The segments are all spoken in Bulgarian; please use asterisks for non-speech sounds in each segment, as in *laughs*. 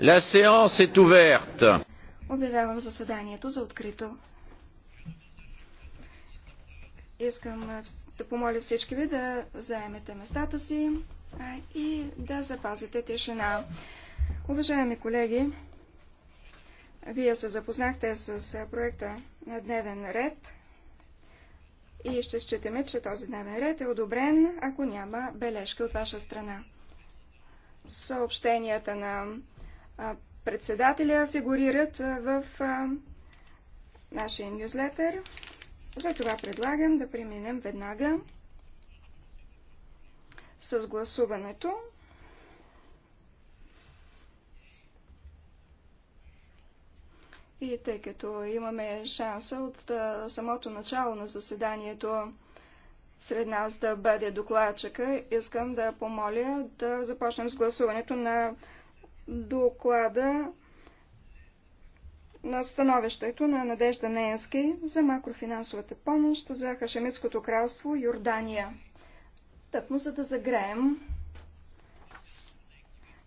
La séance est ouverte. Обявявам заседанието за открито. Искам да помоля всички ви да заемете местата си и да запазите тишина. Уважаеми колеги, вие се запознахте с проекта на дневен ред и ще считаме, че този дневен ред е одобрен, ако няма бележки от ваша страна. Съобщенията на председателя фигурират в нашия нюзлетър. Затова предлагам да преминем веднага с гласуването. И тъй като имаме шанса от самото начало на заседанието сред нас да бъде докладчика, искам да помоля да започнем с гласуването на доклада на становището на Надежда Ненски за макрофинансовата помощ за Хашемитското кралство Йордания. Тъкмо за да загреем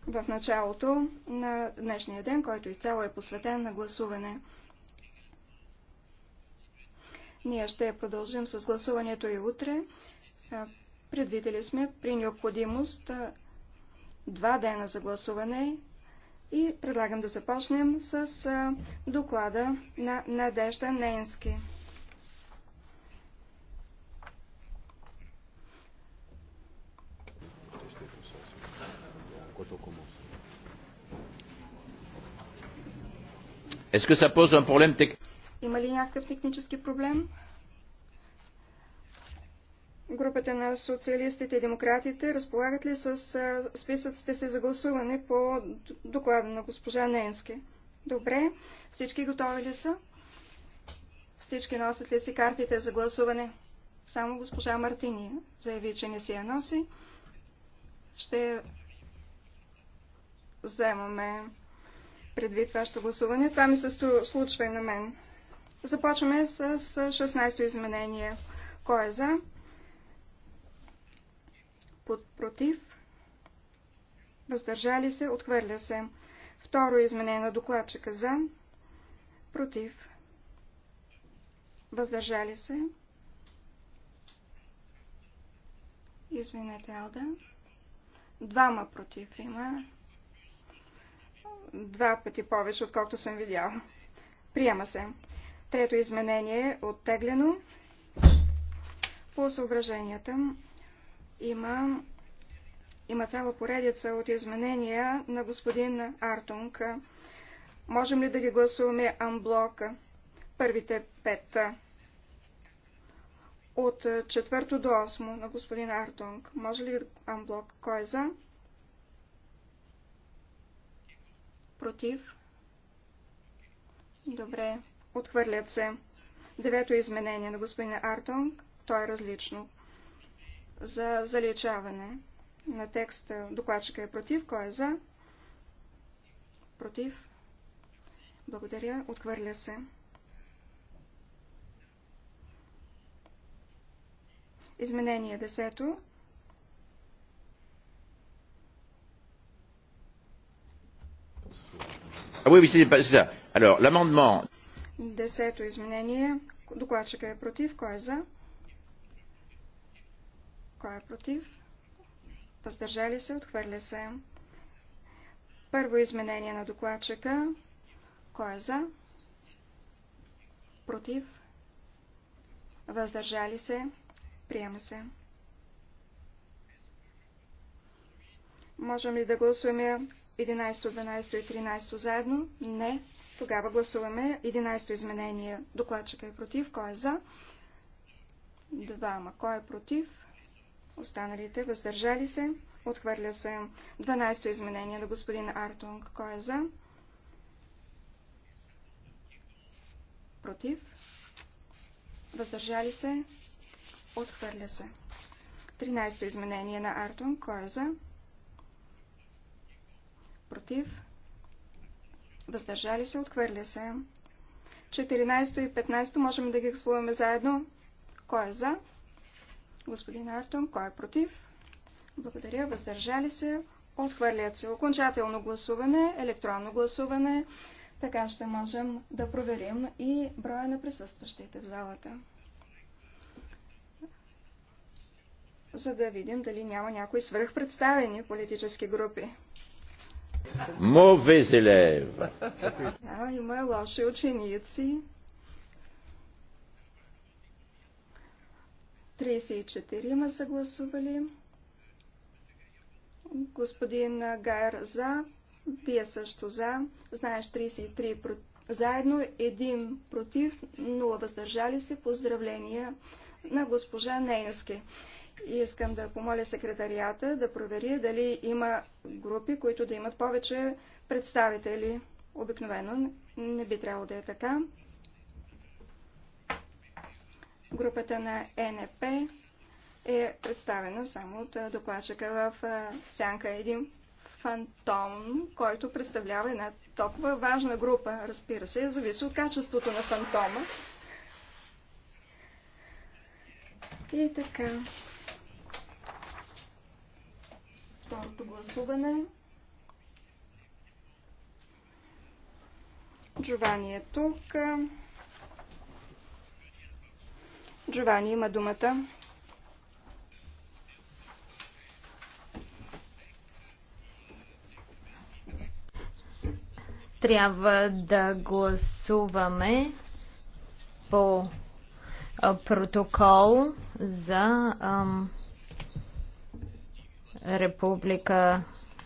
в началото на днешния ден, който изцяло е посветен на гласуване. Ние ще продължим с гласуването и утре. Предвидели сме при необходимост два дена за гласуване и предлагам да започнем с доклада на Надежда Ненски. Est-ce que ça pose un problème technique? Има ли някакъв технически проблем? групата на социалистите и демократите разполагат ли с списъците си за гласуване по доклада на госпожа Ненски? Добре. Всички готови ли са? Всички носят ли си картите за гласуване? Само госпожа Мартини заяви, че не си я носи. Ще вземаме предвид вашето гласуване. Това ми се случва и на мен. Започваме с 16-то изменение. Кой е за? против, въздържали се, отхвърля се. Второ изменение на докладчика за, против, въздържали се. Извинете, Алда. Двама против има. Два пъти повече, отколкото съм видял. Приема се. Трето изменение е оттеглено по съображенията има, има цяла поредица от изменения на господин Артунг. Можем ли да ги гласуваме амблок? Първите пет. От четвърто до осмо на господин Артунг. Може ли амблок? Кой е за? Против? Добре. Отхвърлят се. Девето изменение на господин Артунг. То е различно за заличаване на текста. Докладчика е против. Кой е за? Против. Благодаря. Отхвърля се. Изменение 10. Ah oui, oui, c'est ça. Alors, l'amendement. Десето изменение. Докладчика е против. Кой е за? Кой е против? Въздържали се, отхвърля се. Първо изменение на докладчика. Кой е за? Против? Въздържали се? Приема се. Можем ли да гласуваме 11, 12 и 13 заедно? Не. Тогава гласуваме 11 изменение. Докладчика е против. Кой е за? Двама. Кой е против? Останалите въздържали се. Отхвърля се 12-то изменение на господин Артунг. Кой е за? Против. Въздържали се. Отхвърля се. 13-то изменение на Артунг. Кой е за? Против. Въздържали се. Отхвърля се. 14 и 15 можем да ги гласуваме заедно. Кой е за? Господин Артум, кой е против? Благодаря. Въздържали се? Отхвърлят се. Окончателно гласуване, електронно гласуване. Така ще можем да проверим и броя на присъстващите в залата. За да видим дали няма някои свръхпредставени политически групи. Мовез елев! Да, има лоши ученици. 34 са гласували. Господин Гайер за. Вие също за. Знаеш 33 против заедно един против, нула въздържали се. Поздравления на госпожа Нейнски. И искам да помоля секретарията да провери дали има групи, които да имат повече представители. Обикновено не би трябвало да е така. Групата на НП е представена само от докладчика в сянка. Един фантом, който представлява една толкова важна група, разбира се, зависи от качеството на фантома. И така. Второто гласуване. Джовани е тук. Джовани има думата. Трябва да гласуваме по протокол за ам, Република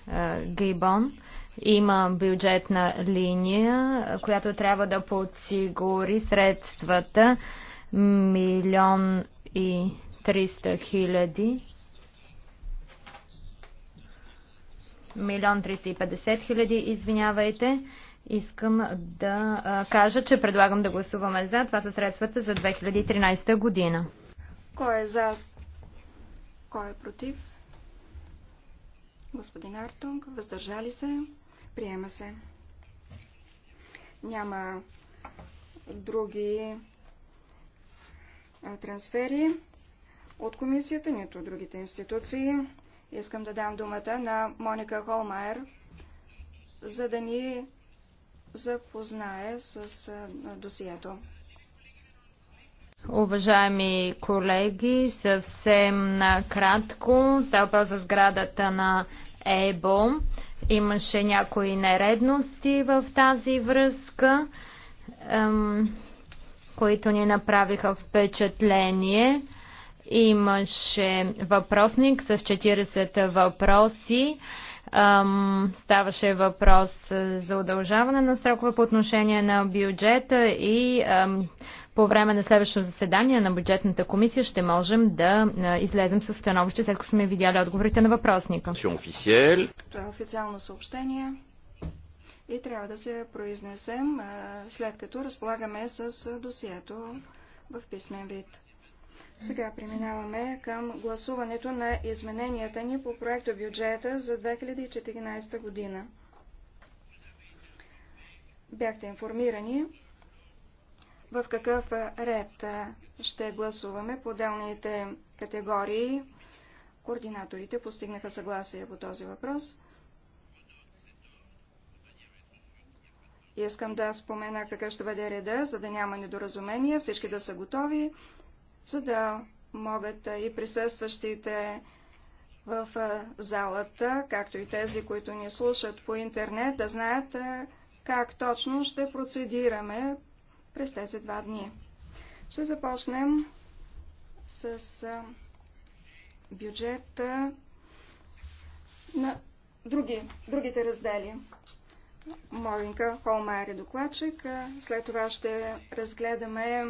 а, Гибон. Има бюджетна линия, която трябва да подсигури средствата милион и 300 хиляди. Милион 350 хиляди, извинявайте. Искам да кажа, че предлагам да гласуваме за. Това са средствата за 2013 година. Кой е за? Кой е против? Господин Артунг, въздържали се? Приема се. Няма други трансфери от комисията, нито от другите институции. Искам да дам думата на Моника Холмайер, за да ни запознае с досието. Уважаеми колеги, съвсем кратко, става въпрос за сградата на ЕБО. Имаше някои нередности в тази връзка. Ем, които ни направиха впечатление. Имаше въпросник с 40 въпроси. Ам, ставаше въпрос за удължаване на срокове по отношение на бюджета и ам, по време на следващото заседание на бюджетната комисия ще можем да излезем с становище, след като сме видяли отговорите на въпросника. Това е официално съобщение и трябва да се произнесем след като разполагаме с досието в писмен вид. Сега преминаваме към гласуването на измененията ни по проекто бюджета за 2014 година. Бяхте информирани в какъв ред ще гласуваме по отделните категории. Координаторите постигнаха съгласие по този въпрос. И искам да спомена какъв ще бъде реда, за да няма недоразумения, всички да са готови, за да могат и присъстващите в залата, както и тези, които ни слушат по интернет, да знаят как точно ще процедираме през тези два дни. Ще започнем с бюджета на други, другите раздели. Моринка Холмайер е докладчик. След това ще разгледаме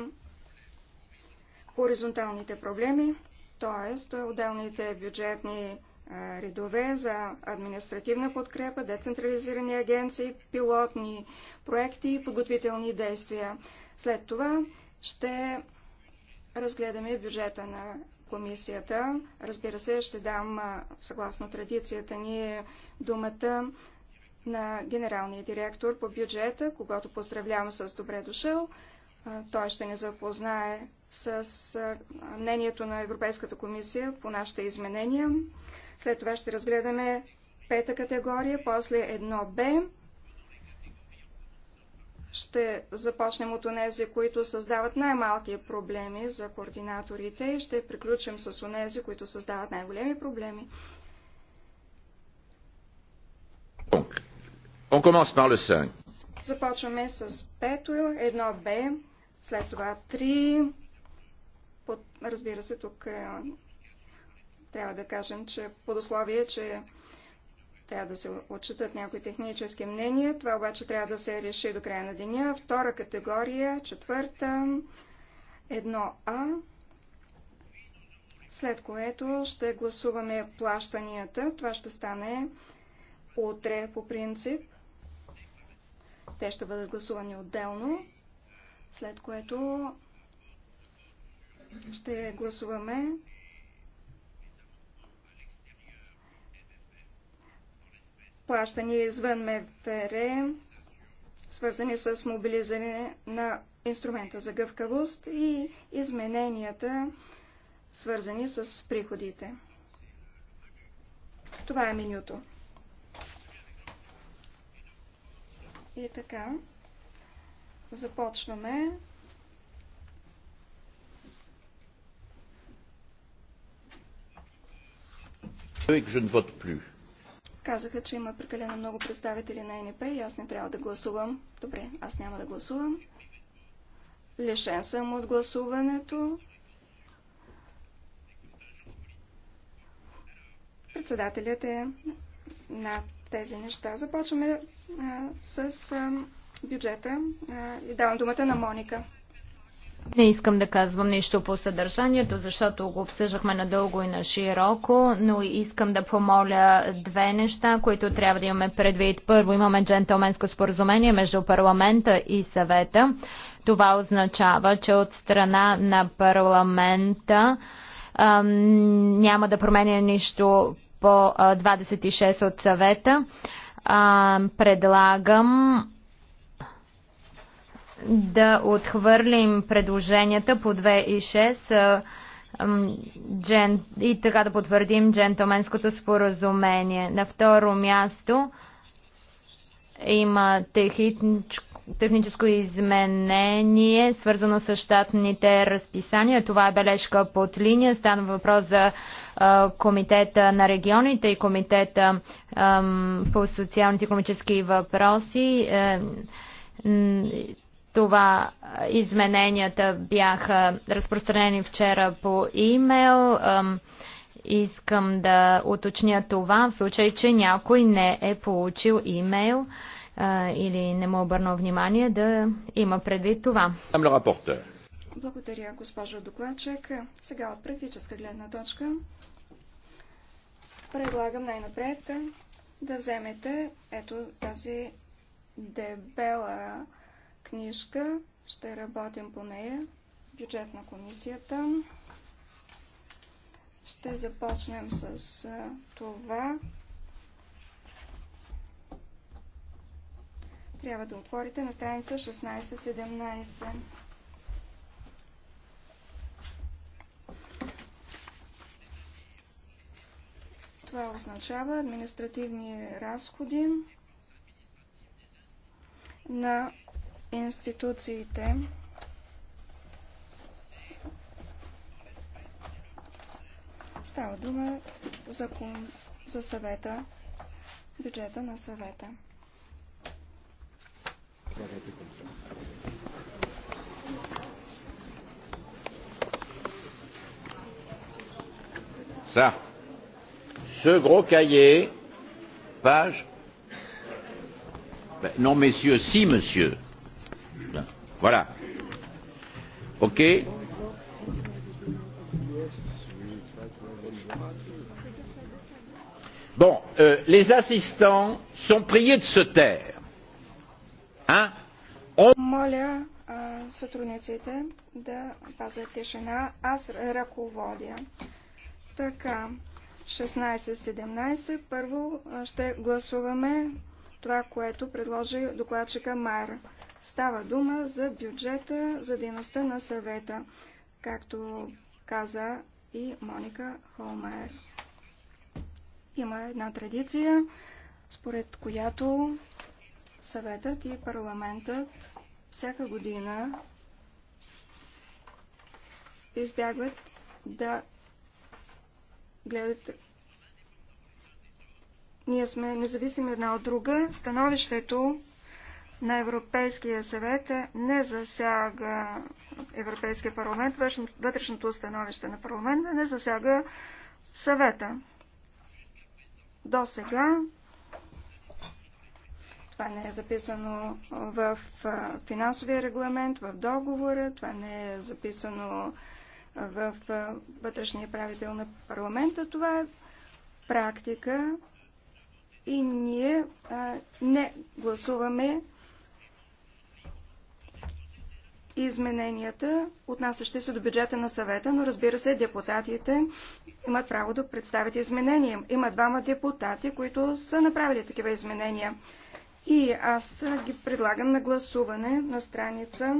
хоризонталните проблеми, т.е. отделните бюджетни редове за административна подкрепа, децентрализирани агенции, пилотни проекти и подготвителни действия. След това ще разгледаме бюджета на комисията. Разбира се, ще дам, съгласно традицията ни, думата на генералния директор по бюджета, когато поздравлявам с добре дошъл. Той ще ни запознае с мнението на Европейската комисия по нашите изменения. След това ще разгледаме пета категория, после едно б Ще започнем от онези, които създават най-малки проблеми за координаторите и ще приключим с онези, които създават най-големи проблеми On commence par le 5. Започваме с 5, 1B, след това 3. Под, разбира се, тук е, трябва да кажем, че под условие, че трябва да се отчитат някои технически мнения. Това обаче трябва да се реши до края на деня. Втора категория, четвърта, 1А, след което ще гласуваме плащанията. Това ще стане утре по принцип. Те ще бъдат гласувани отделно, след което ще гласуваме плащания извън МФР, свързани с мобилизане на инструмента за гъвкавост и измененията, свързани с приходите. Това е менюто. И така, започваме. Казаха, че има прекалено много представители на НП и аз не трябва да гласувам. Добре, аз няма да гласувам. Лишен съм от гласуването. Председателят е над тези неща. Започваме а, с а, бюджета а, и давам думата на Моника. Не искам да казвам нищо по съдържанието, защото го обсъждахме надълго и на широко, но искам да помоля две неща, които трябва да имаме предвид. Първо, имаме джентълменско споразумение между парламента и съвета. Това означава, че от страна на парламента ам, няма да променя нищо по 26 от съвета предлагам да отхвърлим предложенията по 2 и 6 джен, и така да потвърдим джентлменското споразумение. На второ място има техничко техническо изменение, свързано с щатните разписания. Това е бележка под линия. Стана въпрос за а, комитета на регионите и комитета а, по социалните и економически въпроси. Е, това измененията бяха разпространени вчера по имейл. Искам да уточня това в случай, че някой не е получил имейл а, или не му е обърна внимание, да има предвид това. Благодаря, госпожо докладчик. Сега от практическа гледна точка предлагам най-напред да вземете ето тази дебела книжка. Ще работим по нея. Бюджет на комисията. Ще започнем с това, Трябва да отворите на страница 16-17. Това означава административни разходи на институциите. Става дума за, за съвета, бюджета на съвета. Ça. Ce gros cahier, page. Ben, non, messieurs, si, monsieur. Voilà. OK Bon, euh, les assistants sont priés de se taire. А? О... Моля а, сътрудниците да пазят тишина. Аз ръководя. Така, 16-17. Първо ще гласуваме това, което предложи докладчика Майер. Става дума за бюджета за дейността на съвета, както каза и Моника Холмайер. Има една традиция, според която Съветът и парламентът всяка година избягват да гледат. Ние сме независими една от друга. Становището на Европейския съвет не засяга Европейския парламент, вътрешното становище на парламента не засяга съвета. До сега това не е записано в финансовия регламент, в договора, това не е записано в вътрешния правител на парламента. Това е практика и ние не гласуваме измененията, отнасящи се до бюджета на съвета, но разбира се, депутатите имат право да представят изменения. Има двама депутати, които са направили такива изменения. И аз ги предлагам на гласуване на страница.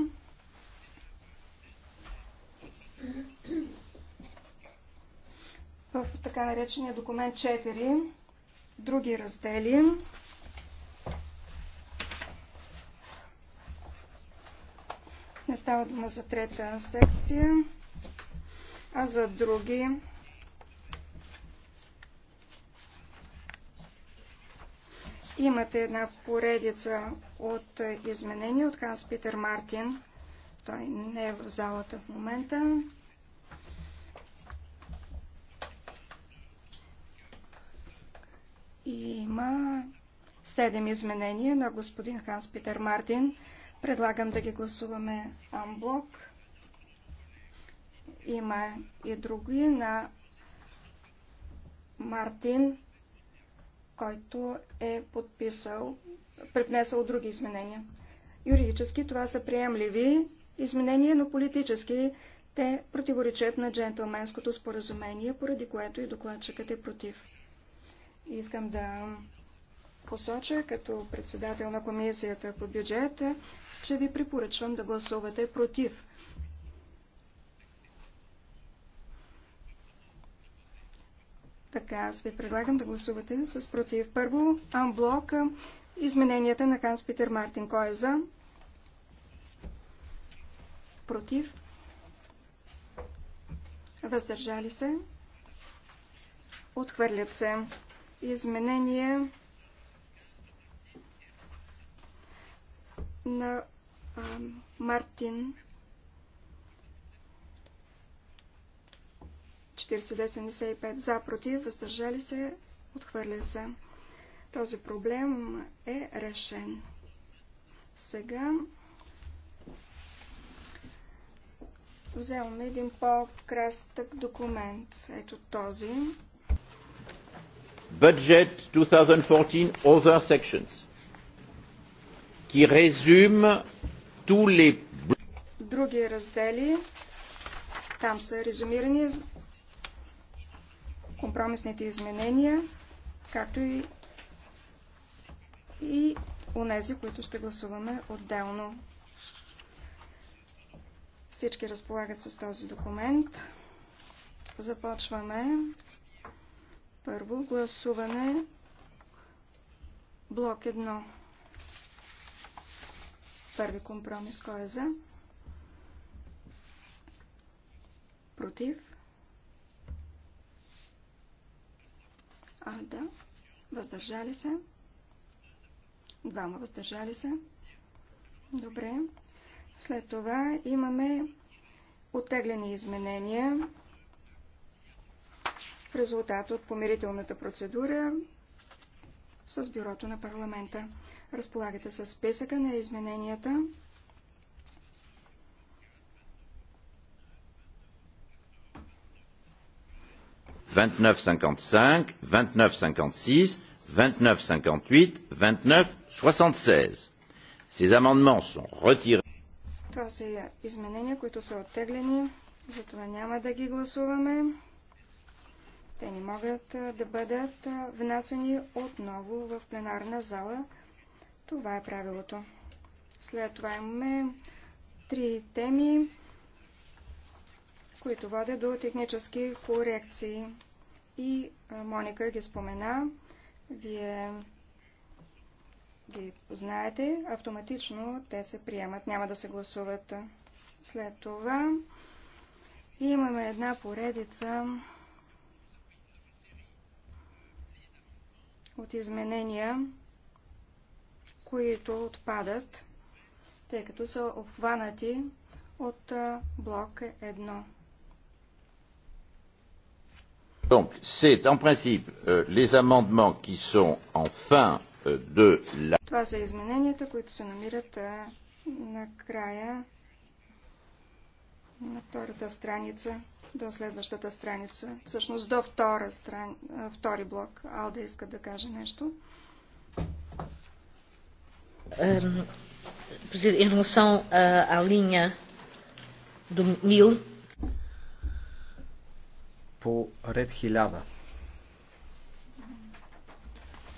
В така наречения документ 4, други раздели. Не става дума за трета секция, а за други Имате една поредица от изменения от Ханс Питер Мартин. Той не е в залата в момента. Има седем изменения на господин Ханс Питер Мартин. Предлагам да ги гласуваме амблок. Има и други на Мартин който е подписал, привнесъл други изменения. Юридически това са приемливи изменения, но политически те противоречат на джентълменското споразумение, поради което и докладчикът е против. Искам да посоча като председател на комисията по бюджета, че ви препоръчвам да гласувате против Така, аз ви предлагам да гласувате с против. Първо, амблок, измененията на Ханс Питер Мартин. Кой е за? Против? Въздържали се? Отхвърлят се. Изменение на а, Мартин 40-75 за, против, въздържали се, отхвърля се. Този проблем е решен. Сега вземаме един по-крастък документ. Ето този. Budget 2014 Other Sections qui résume tous les Други раздели там са резюмирани компромисните изменения, както и, и унези, които ще гласуваме отделно. Всички разполагат с този документ. Започваме. Първо гласуване блок 1. Първи компромис. Кой е за? Против? Алда. Въздържали се. Двама въздържали се. Добре. След това имаме оттеглени изменения в резултат от помирителната процедура с бюрото на парламента. Разполагате с списъка на измененията. vingt neuf cinquante cinq vingt neuf cinquante six vingt neuf cinquante huit vingt neuf soixante seize ces amendements sont retirés Това са изменения, които са оттеглени, затова няма да ги гласуваме. Те не могат да бъдат внасени отново в пленарна зала. Това е правилото. След това имаме три теми които водят до технически корекции. И Моника ги спомена. Вие ги знаете, автоматично те се приемат, няма да се гласуват. След това имаме една поредица от изменения, които отпадат, тъй като са обхванати от блок 1. Donc, c'est en principe euh, les amendements qui sont en fin euh, de la... Това са измененията, които се намират на края на втората страница, до следващата страница. Всъщност до втора втори блок. Алда иска да каже нещо. Em relação à linha do по ред хиляда.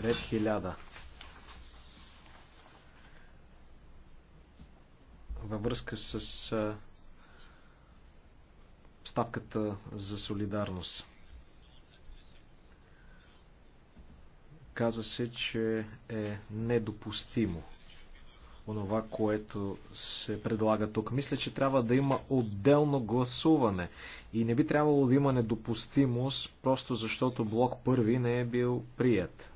Ред хиляда Във връзка с ставката за солидарност. Каза се, че е недопустимо онова, което се предлага тук. Мисля, че трябва да има отделно гласуване и не би трябвало да има недопустимост, просто защото блок първи не е бил прият.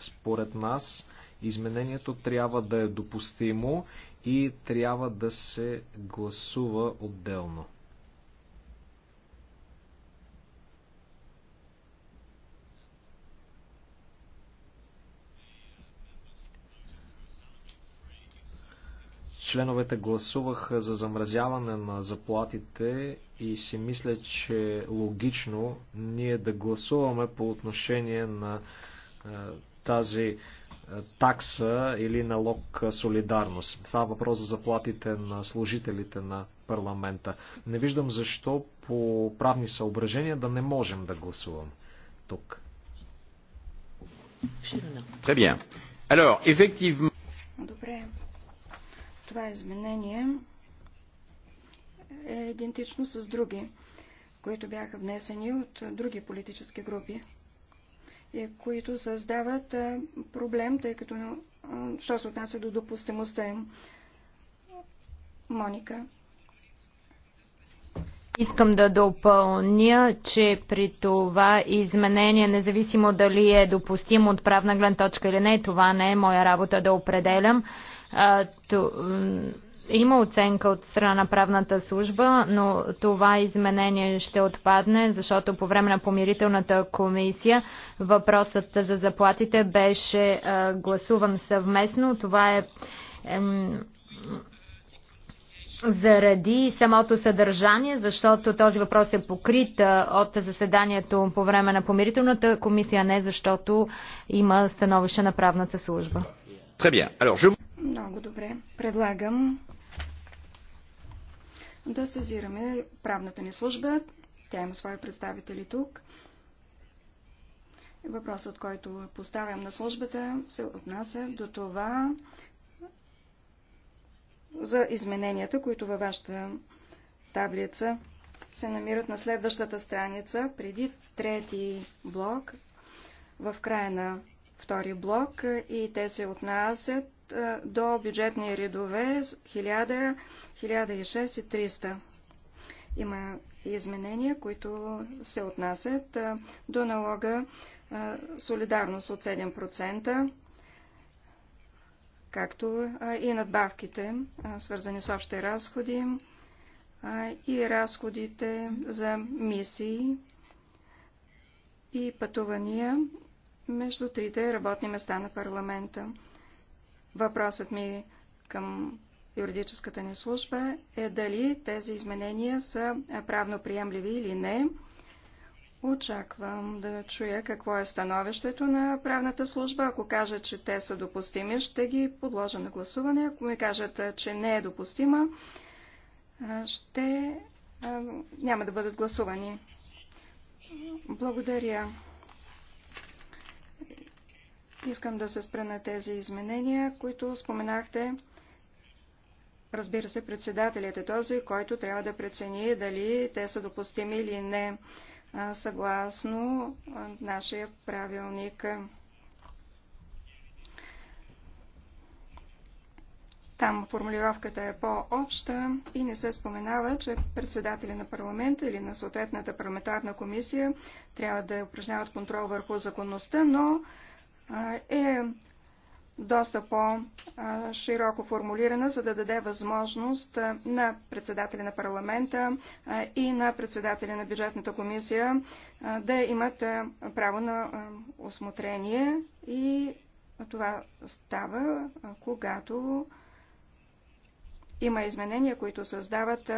Според нас, изменението трябва да е допустимо и трябва да се гласува отделно. членовете гласуваха за замразяване на заплатите и си мисля, че логично ние да гласуваме по отношение на тази такса или налог солидарност. Става въпрос за заплатите на служителите на парламента. Не виждам защо по правни съображения да не можем да гласувам тук. Добре. Това изменение е идентично с други, които бяха внесени от други политически групи и които създават проблем, тъй като, що се отнася до допустимостта им. Моника. Искам да допълня, че при това изменение, независимо дали е допустимо от правна гледна точка или не, това не е моя работа да определям то, има оценка от страна на правната служба, но това изменение ще отпадне, защото по време на помирителната комисия въпросът за заплатите беше гласуван съвместно. Това е заради самото съдържание, защото този въпрос е покрит от заседанието по време на помирителната комисия, не защото има становище на правната служба. Très bien. Alors, je... Много добре. Предлагам да сезираме правната ни служба. Тя има свои представители тук. Въпросът, който поставям на службата, се отнася до това за измененията, които във вашата таблица се намират на следващата страница, преди трети блок, в края на втори блок и те се отнасят е, до бюджетни редове 1000, 1006 и 300. Има изменения, които се отнасят е, до налога е, солидарност от 7%, както и надбавките, свързани с общи разходи и разходите за мисии и пътувания между трите работни места на парламента. Въпросът ми към юридическата ни служба е дали тези изменения са правно приемливи или не. Очаквам да чуя какво е становището на правната служба. Ако кажат, че те са допустими, ще ги подложа на гласуване. Ако ми кажат, че не е допустима, ще няма да бъдат гласувани. Благодаря. Искам да се спра на тези изменения, които споменахте. Разбира се, председателят е този, който трябва да прецени дали те са допустими или не, съгласно нашия правилник. Там формулировката е по-обща и не се споменава, че председатели на парламента или на съответната парламентарна комисия трябва да упражняват контрол върху законността, но е доста по-широко формулирана, за да даде възможност на председателя на парламента и на председателя на бюджетната комисия да имат право на осмотрение и това става, когато има изменения, които създават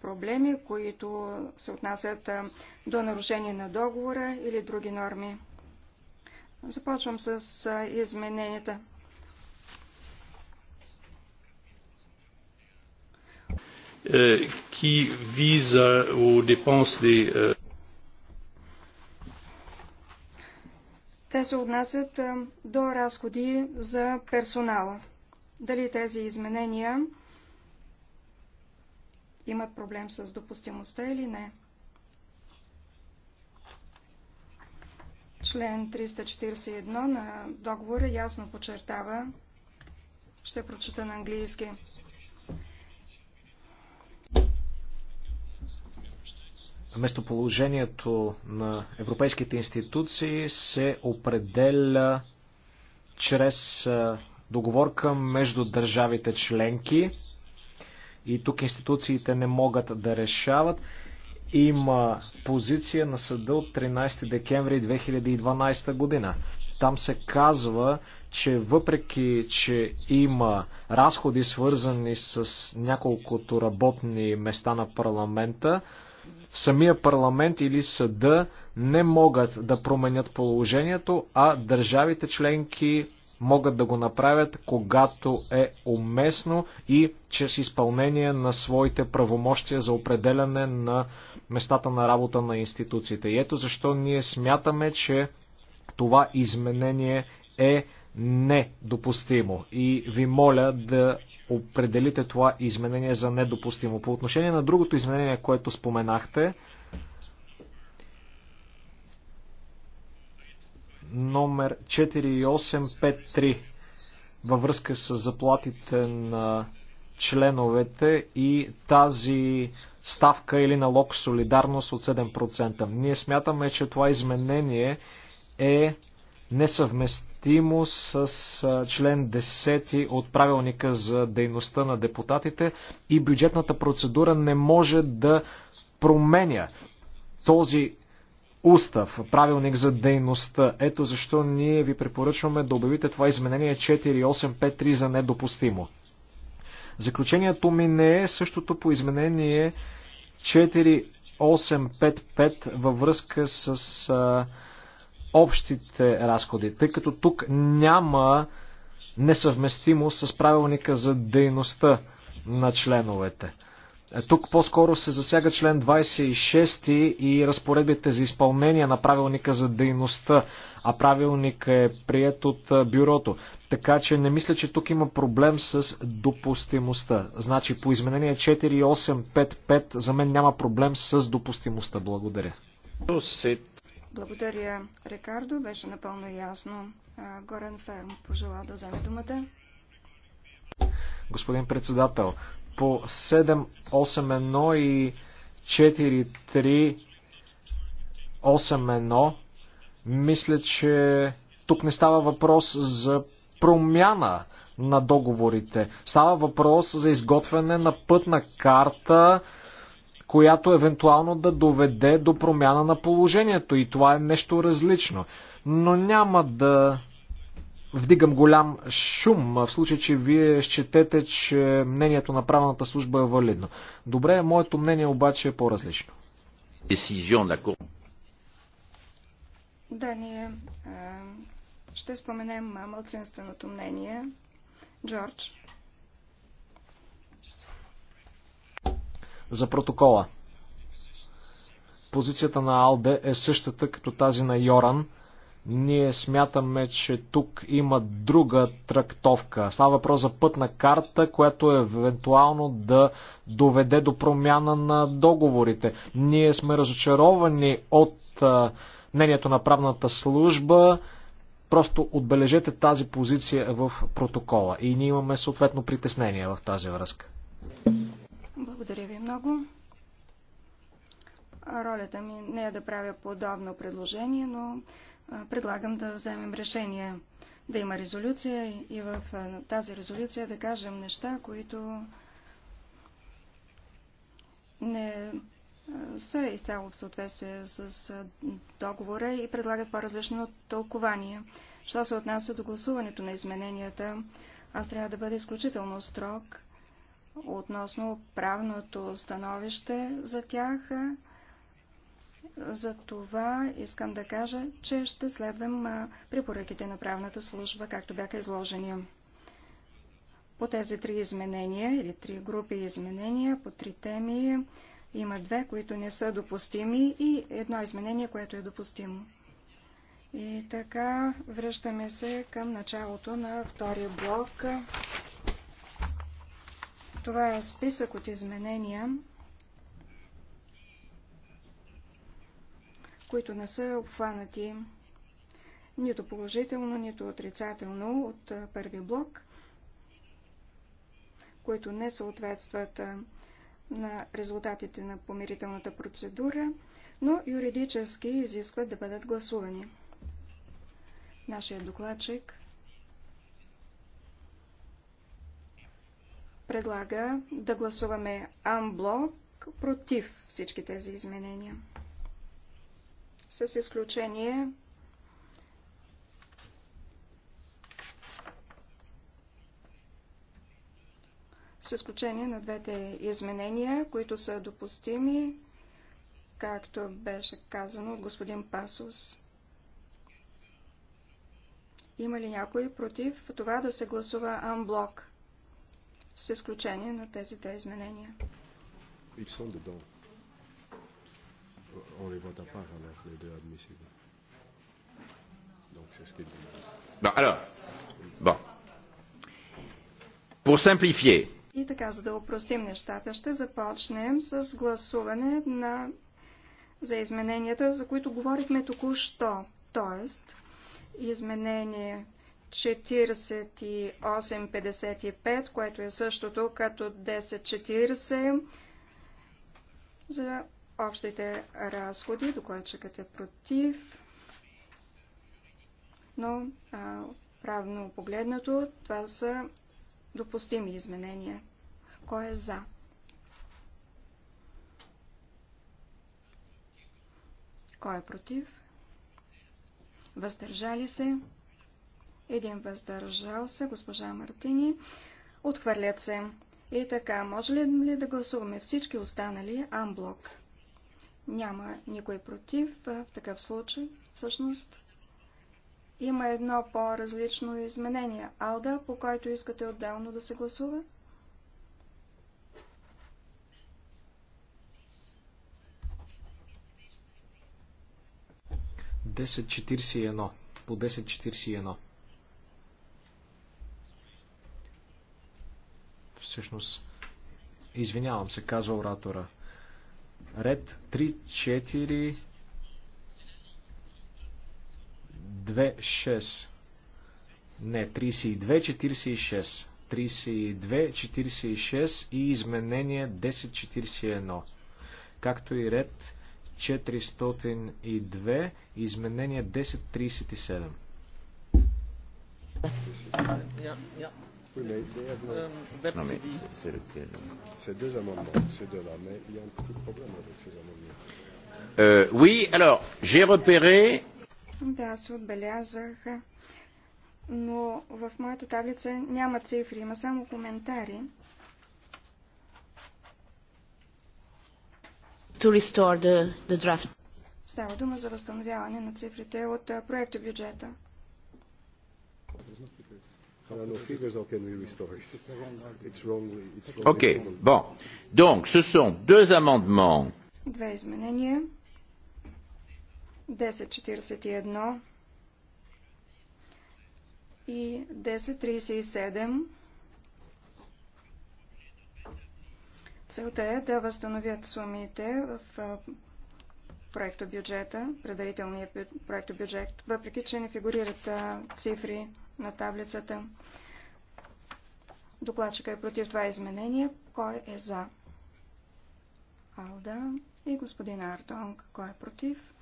проблеми, които се отнасят до нарушение на договора или други норми. Започвам с измененията. Е, ки виза у депонсли... Е? Те се отнасят до разходи за персонала. Дали тези изменения имат проблем с допустимостта или не? Член 341 на договора ясно подчертава, ще прочета на английски. Местоположението на европейските институции се определя чрез договорка между държавите членки и тук институциите не могат да решават има позиция на съда от 13 декември 2012 година. Там се казва, че въпреки, че има разходи свързани с няколкото работни места на парламента, самия парламент или съда не могат да променят положението, а държавите членки могат да го направят, когато е уместно и чрез изпълнение на своите правомощия за определяне на местата на работа на институциите. И ето защо ние смятаме, че това изменение е недопустимо. И ви моля да определите това изменение за недопустимо. По отношение на другото изменение, което споменахте, номер 4853 във връзка с заплатите на членовете и тази ставка или налог солидарност от 7%. Ние смятаме, че това изменение е несъвместимо с член 10 от правилника за дейността на депутатите и бюджетната процедура не може да променя този устав, правилник за дейността. Ето защо ние ви препоръчваме да обявите това изменение 4853 за недопустимо. Заключението ми не е същото по изменение 4855 във връзка с а, общите разходи, тъй като тук няма несъвместимост с правилника за дейността на членовете. Е, тук по-скоро се засяга член 26 и разпоредбите за изпълнение на правилника за дейността, а правилник е прият от е, бюрото. Така че не мисля, че тук има проблем с допустимостта. Значи по изменение 4855 за мен няма проблем с допустимостта. Благодаря. Благодаря, Рикардо. Беше напълно ясно. Горен Ферм пожела да вземе думата. Господин председател, по 7, 1 и 1 Мисля, че тук не става въпрос за промяна на договорите. Става въпрос за изготвяне на пътна карта, която евентуално да доведе до промяна на положението. И това е нещо различно. Но няма да вдигам голям шум, в случай, че вие счетете, че мнението на правната служба е валидно. Добре, моето мнение обаче е по-различно. Да, ние ще споменем мълценственото мнение. Джордж. За протокола. Позицията на Албе е същата като тази на Йоран – ние смятаме, че тук има друга трактовка. Става въпрос за пътна карта, която е евентуално да доведе до промяна на договорите. Ние сме разочаровани от мнението на правната служба. Просто отбележете тази позиция е в протокола и ние имаме съответно притеснение в тази връзка. Благодаря ви много. Ролята ми не е да правя подобно предложение, но предлагам да вземем решение да има резолюция и в тази резолюция да кажем неща, които не са изцяло в съответствие с договора и предлагат по-различно тълкование. Що се отнася до гласуването на измененията, аз трябва да бъда изключително строг относно правното становище за тях, за това искам да кажа, че ще следвам препоръките на правната служба, както бяха изложени. По тези три изменения или три групи изменения, по три теми, има две, които не са допустими и едно изменение, което е допустимо. И така връщаме се към началото на втория блок. Това е списък от изменения, които не са обхванати нито положително, нито отрицателно от първи блок, които не съответстват на резултатите на помирителната процедура, но юридически изискват да бъдат гласувани. Нашия докладчик предлага да гласуваме амблок против всички тези изменения с изключение с изключение на двете изменения, които са допустими, както беше казано от господин Пасос. Има ли някой против това да се гласува анблок, с изключение на тези две изменения? Ils sont dedans on ne les vota pas alors, les deux admissibles. Donc c'est ce qu'il dit. Bon, alors, bon. Pour simplifier. И така, за да упростим нещата, ще започнем с гласуване на... за измененията, за които говорихме току-що. Тоест, изменение 4855, което е същото като 1040 за общите разходи. Докладчикът е против, но а, правно погледнато това са допустими изменения. Кой е за? Кой е против? Въздържали се? Един въздържал се, госпожа Мартини. Отхвърлят се. И така, може ли да гласуваме всички останали амблок? Няма никой против. В такъв случай, всъщност, има едно по-различно изменение. Алда, по който искате отделно да се гласува? Десет По 10.41. Всъщност, извинявам се, казва оратора. 10.41 Ред 3, 4, 2, 6. Не, 32, 46. 32, 46 и изменение 10-41, Както и ред 402 и изменение 10-37. Yeah, yeah. Oui, mais il they have no... Non, mais c'est lequel Ces deux amendements, ces deux-là, mais il y a un petit problème avec ces amendements. Euh, oui, alors, j'ai repéré... Да, аз отбелязах, но в моята таблица няма цифри, има само коментари. To restore the, the draft. Става дума за възстановяване на цифрите от проекта бюджета. Thank you. OK, bon. Donc, ce sont deux amendements. Две изменения. 10.41 и 10.37. Целта е да възстановят сумите в проектобюджета, предварителния проектобюджет, въпреки че не фигурират цифри на таблицата. Докладчика е против това изменение. Кой е за? Алда и господин Артонг. Кой е против?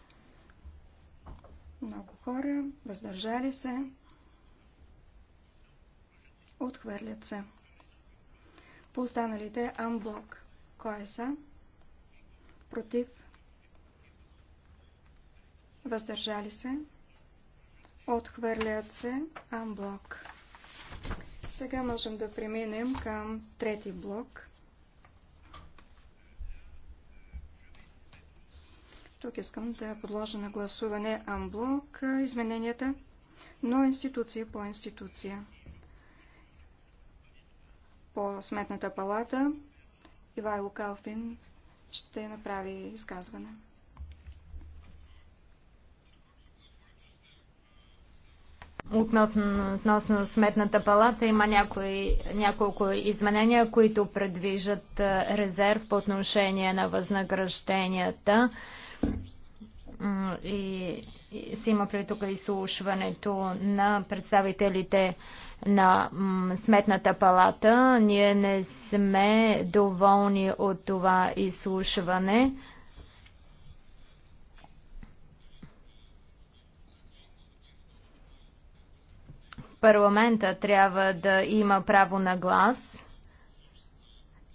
Много хора. Въздържали се. Отхвърлят се. По останалите амблок. Кой е за? Против? Въздържали се. Отхвърлят се Анблок. Сега можем да преминем към трети блок. Тук искам да подложа на гласуване амблок измененията, но институция по институция. По сметната палата Ивайло Калфин ще направи изказване. Относно, относно сметната палата има някои, няколко изменения, които предвижат резерв по отношение на възнагражденията. И, и се има при тук изслушването на представителите на Сметната палата. Ние не сме доволни от това изслушване. Парламента трябва да има право на глас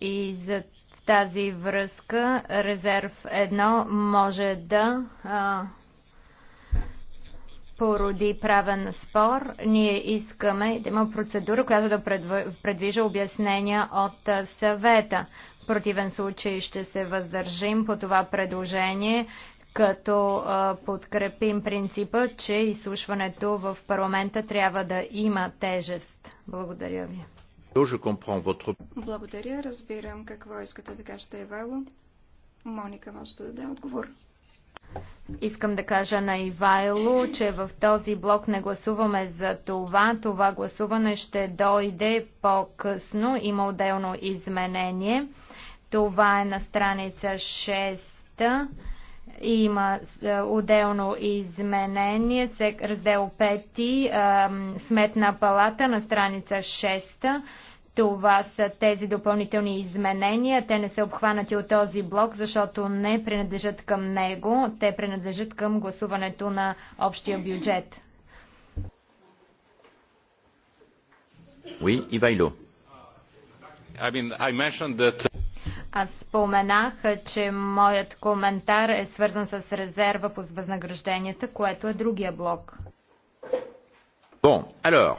и за тази връзка резерв 1 може да а, породи правен спор. Ние искаме да има процедура, която да предвижда обяснения от съвета. В противен случай ще се въздържим по това предложение като а, подкрепим принципа, че изслушването в парламента трябва да има тежест. Благодаря ви. Благодаря, разбирам какво искате да кажете, Ивайло. Моника може да даде отговор. Искам да кажа на Ивайло, че в този блок не гласуваме за това. Това гласуване ще дойде по-късно. Има отделно изменение. Това е на страница 6. Има е, отделно изменение, раздел 5, е, сметна палата на страница 6. Това са тези допълнителни изменения. Те не са обхванати от този блок, защото не принадлежат към него. Те принадлежат към гласуването на общия бюджет. Oui, I mean, I mentioned that аз споменах, че моят коментар е свързан с резерва по възнагражденията, което е другия блок. Bon, alors,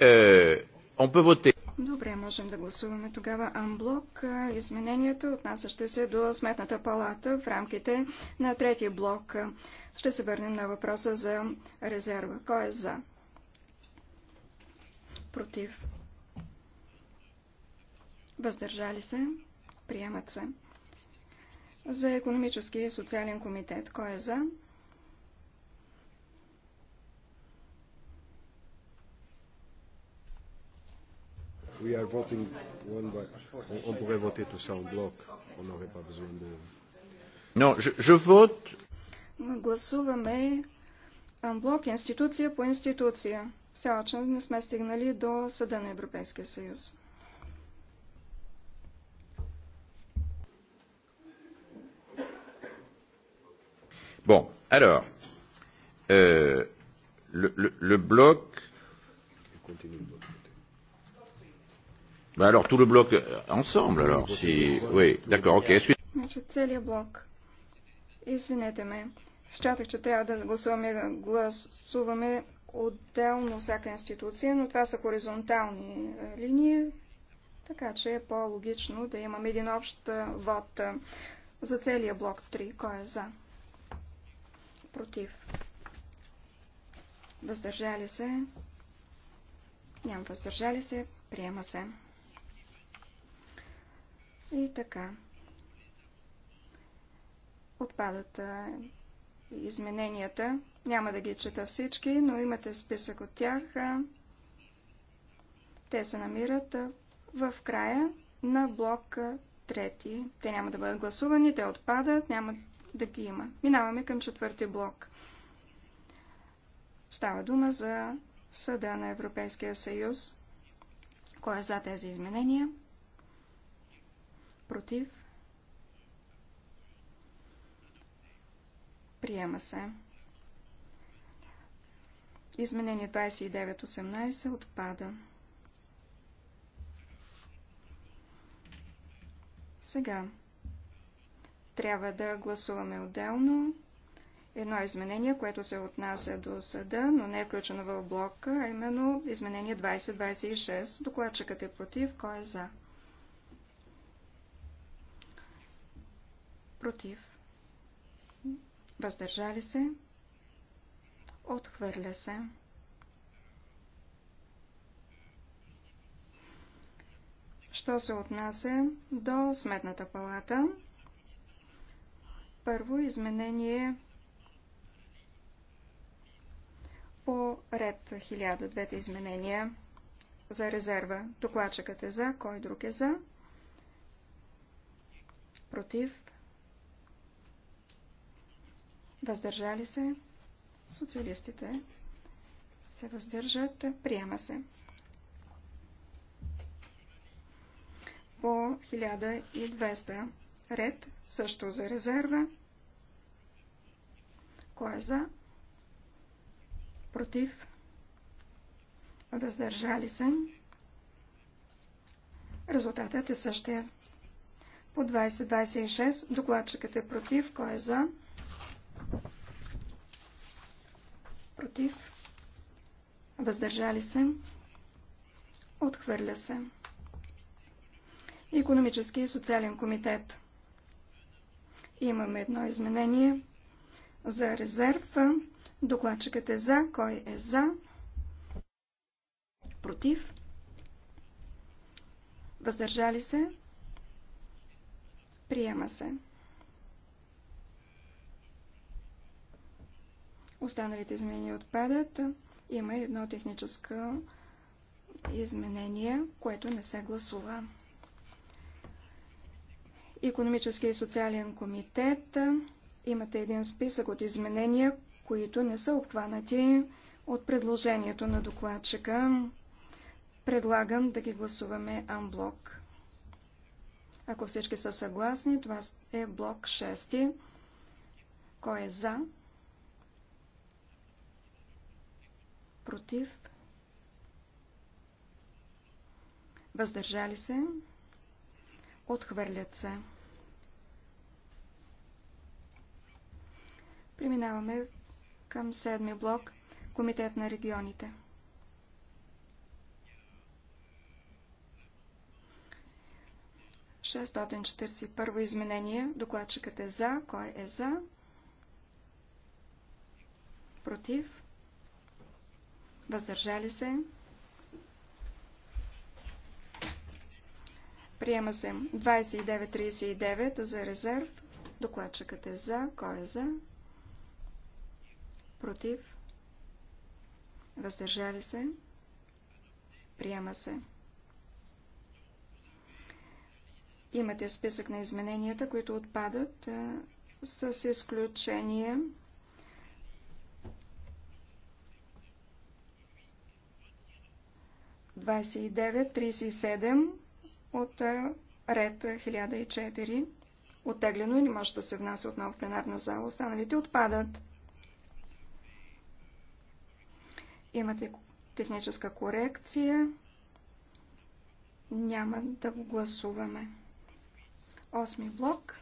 euh, on peut voter. Добре, можем да гласуваме тогава амблок. Измененията отнасящи се до сметната палата в рамките на третия блок. Ще се върнем на въпроса за резерва. Кой е за? Против? Въздържали се? Приемат се. За економически и социален комитет. Кой е за? We are voting one by... On pourrait voter tout ça en bloc. On n'aurait pas besoin de... Non, je, je vote... Гласуваме анблок институция по институция. Все още не сме стигнали до Съда на Европейския съюз. Bon, alors, euh, le, le, le bloc. Bah alors tout le bloc euh, ensemble alors si oui d'accord ok значи целият блок ме че трябва да гласуваме гласуваме отделно всяка институция но това са хоризонтални е, линии така че е по-логично да имаме един общ е, вод е, за целия блок 3 кой е за против, въздържали се, няма въздържали се, приема се. И така. Отпадат измененията. Няма да ги чета всички, но имате списък от тях. Те се намират в края на блок 3. Те няма да бъдат гласувани, те отпадат, няма да ги има. Минаваме към четвърти блок. Става дума за съда на Европейския съюз. Кой е за тези изменения? Против? Приема се. Изменение 29.18 отпада. Сега трябва да гласуваме отделно едно изменение, което се отнася до съда, но не е включено в блока, а именно изменение 2026. Докладчикът е против. Кой е за? Против. Въздържали се. Отхвърля се. Що се отнася до сметната палата? Първо изменение по ред 1000, двете изменения за резерва. Докладчикът е за, кой друг е за? Против? Въздържали се? Социалистите се въздържат. Приема се. По 1200 ред, също за резерва. Кой е за? Против? Въздържали се? Резултатът е същия. По 2026 докладчикът е против. Кой е за? Против? Въздържали се? Отхвърля се. Економически и социален комитет. Имаме едно изменение за резерв. Докладчикът е за. Кой е за? Против? Въздържали се? Приема се. Останалите изменения отпадат. Има едно техническо изменение, което не се гласува. Економически и социален комитет. Имате един списък от изменения, които не са обхванати от предложението на докладчика. Предлагам да ги гласуваме анблок. Ако всички са съгласни, това е блок 6. Кой е за? Против? Въздържали се? Отхвърлят се. Преминаваме към седми блок Комитет на регионите. Шестотен първо изменение. Докладчикът е за. Кой е за? Против? Въздържали се? Приема се 29.39 за резерв. Докладчикът е за. Кой е за? против, въздържали се, приема се. Имате списък на измененията, които отпадат с изключение двадесет и от ред 1004. Оттеглено и не може да се внася отново в пленарна зала. Останалите отпадат. Имате техническа корекция. Няма да го гласуваме. Осми блок.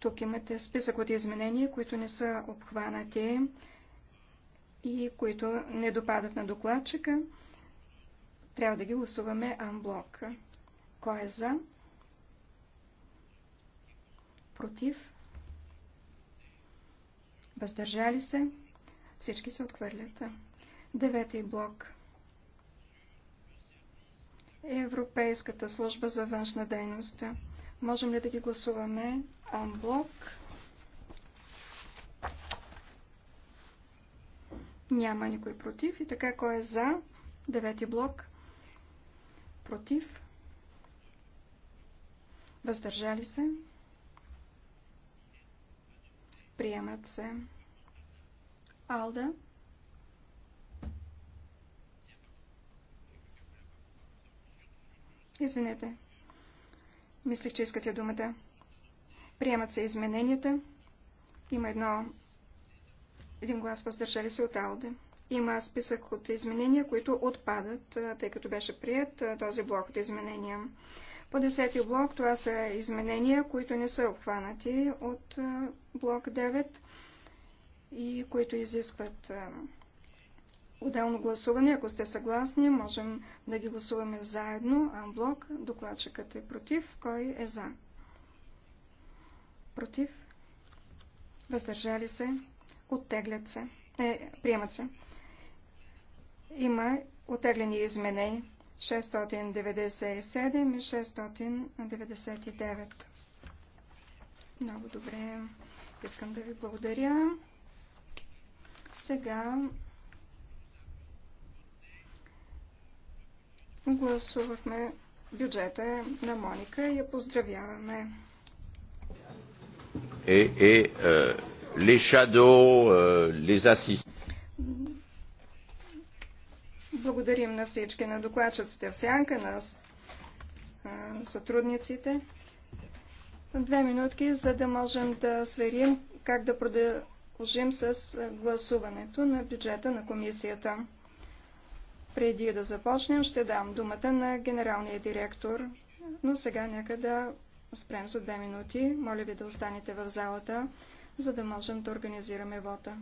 Тук имате списък от изменения, които не са обхванати и които не допадат на докладчика. Трябва да ги гласуваме анблок. Кой е за? Против? Въздържали се? Всички се отхвърлят. Девети блок. Европейската служба за външна дейност. Можем ли да ги гласуваме? Анблок. Няма никой против. И така, кой е за? Девети блок. Против. Въздържали се. Приемат се. Алда. Извинете. Мислех, че искате думата. Приемат се измененията. Има едно... Един глас въздържали се от Алда. Има списък от изменения, които отпадат, тъй като беше прият този блок от изменения. По десети блок това са изменения, които не са обхванати от блок 9 и които изискват отделно гласуване. Ако сте съгласни, можем да ги гласуваме заедно, анблок. Докладчикът е против. Кой е за? Против. Въздържали се. Оттеглят се. Е, приемат се. Има отеглени изменени. 697 и 699. Много добре. Искам да ви благодаря. Сега гласувахме бюджета на Моника и я поздравяваме. И, и, ли шадо, ли Благодарим на всички, на докладчиците в сянка, на сътрудниците. Две минутки, за да можем да сверим как да продължим продължим с гласуването на бюджета на комисията. Преди да започнем, ще дам думата на генералния директор, но сега нека да спрем за две минути. Моля ви да останете в залата, за да можем да организираме вота.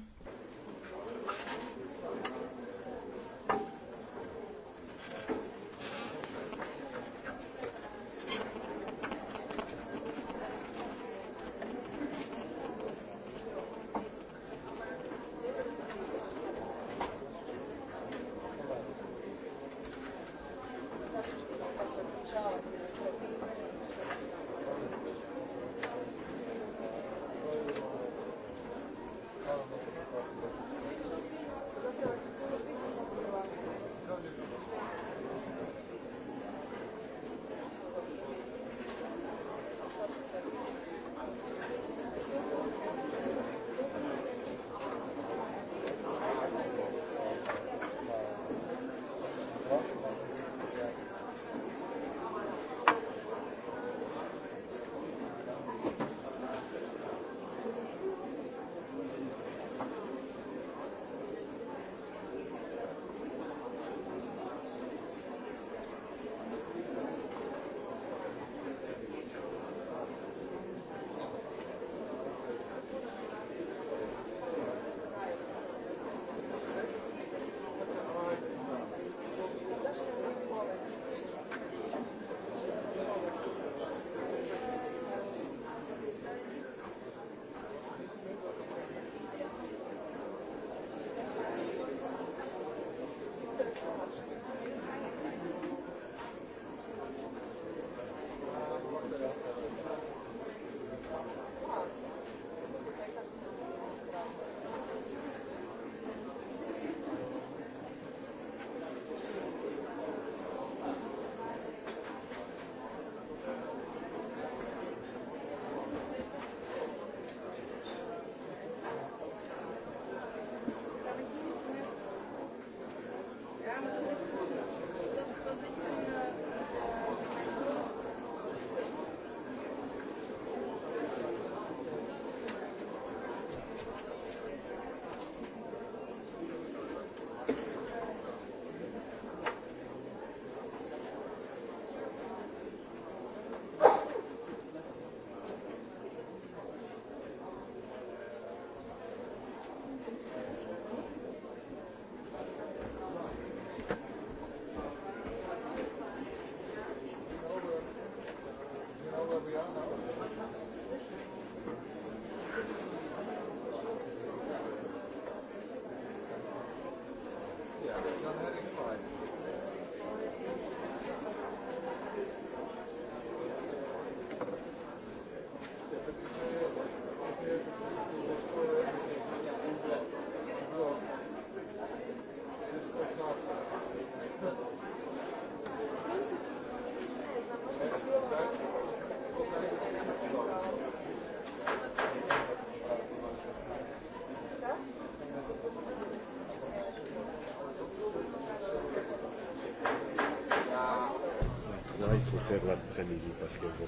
faut faire l'après-midi parce que vous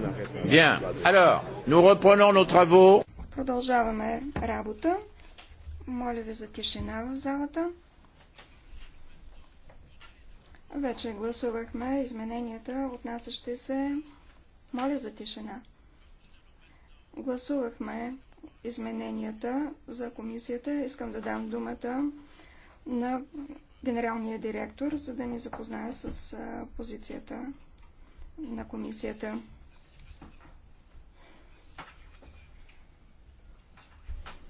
revenez. Bien. Alors, nous reprenons nos travaux. Продължаваме работа. Моля ви за тишина в залата. Вече гласувахме измененията, отнасящи се. Моля за тишина. Гласувахме измененията за комисията. Искам да дам думата на генералния директор, за да ни запознае с позицията на комисията.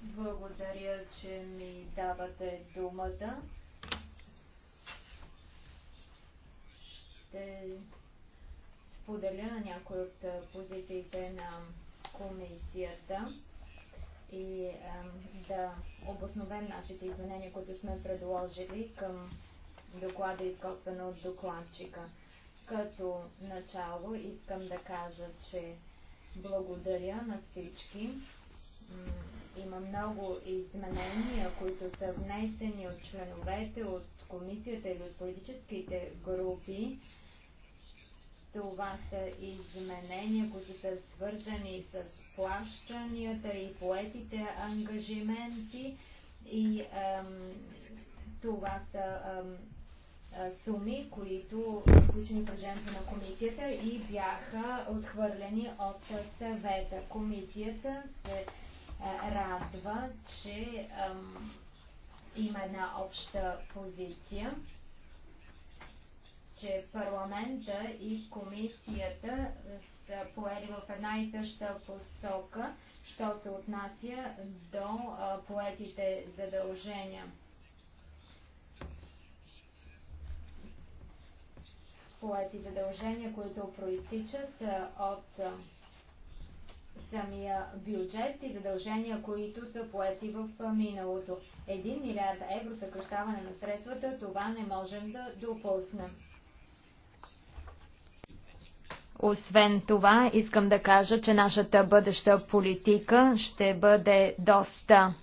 Благодаря, че ми давате думата. Ще споделя някои от позициите на комисията и а, да обосновем нашите изменения, които сме предложили към доклада, изготвена от докладчика. Като начало искам да кажа, че благодаря на всички. Има много изменения, които са внесени от членовете, от комисията или от политическите групи. Това са изменения, които са свързани с плащанията и поетите ангажименти и ам, това са ам, суми, които включени в на комисията и бяха отхвърлени от съвета. Комисията се радва, че ам, има една обща позиция че парламента и комисията са поели в една и съща посока, що се отнася до поетите задължения. Поети задължения, които проистичат от самия бюджет и задължения, които са поети в миналото. 1 милиард евро съкръщаване на средствата, това не можем да допуснем. Освен това, искам да кажа, че нашата бъдеща политика ще бъде доста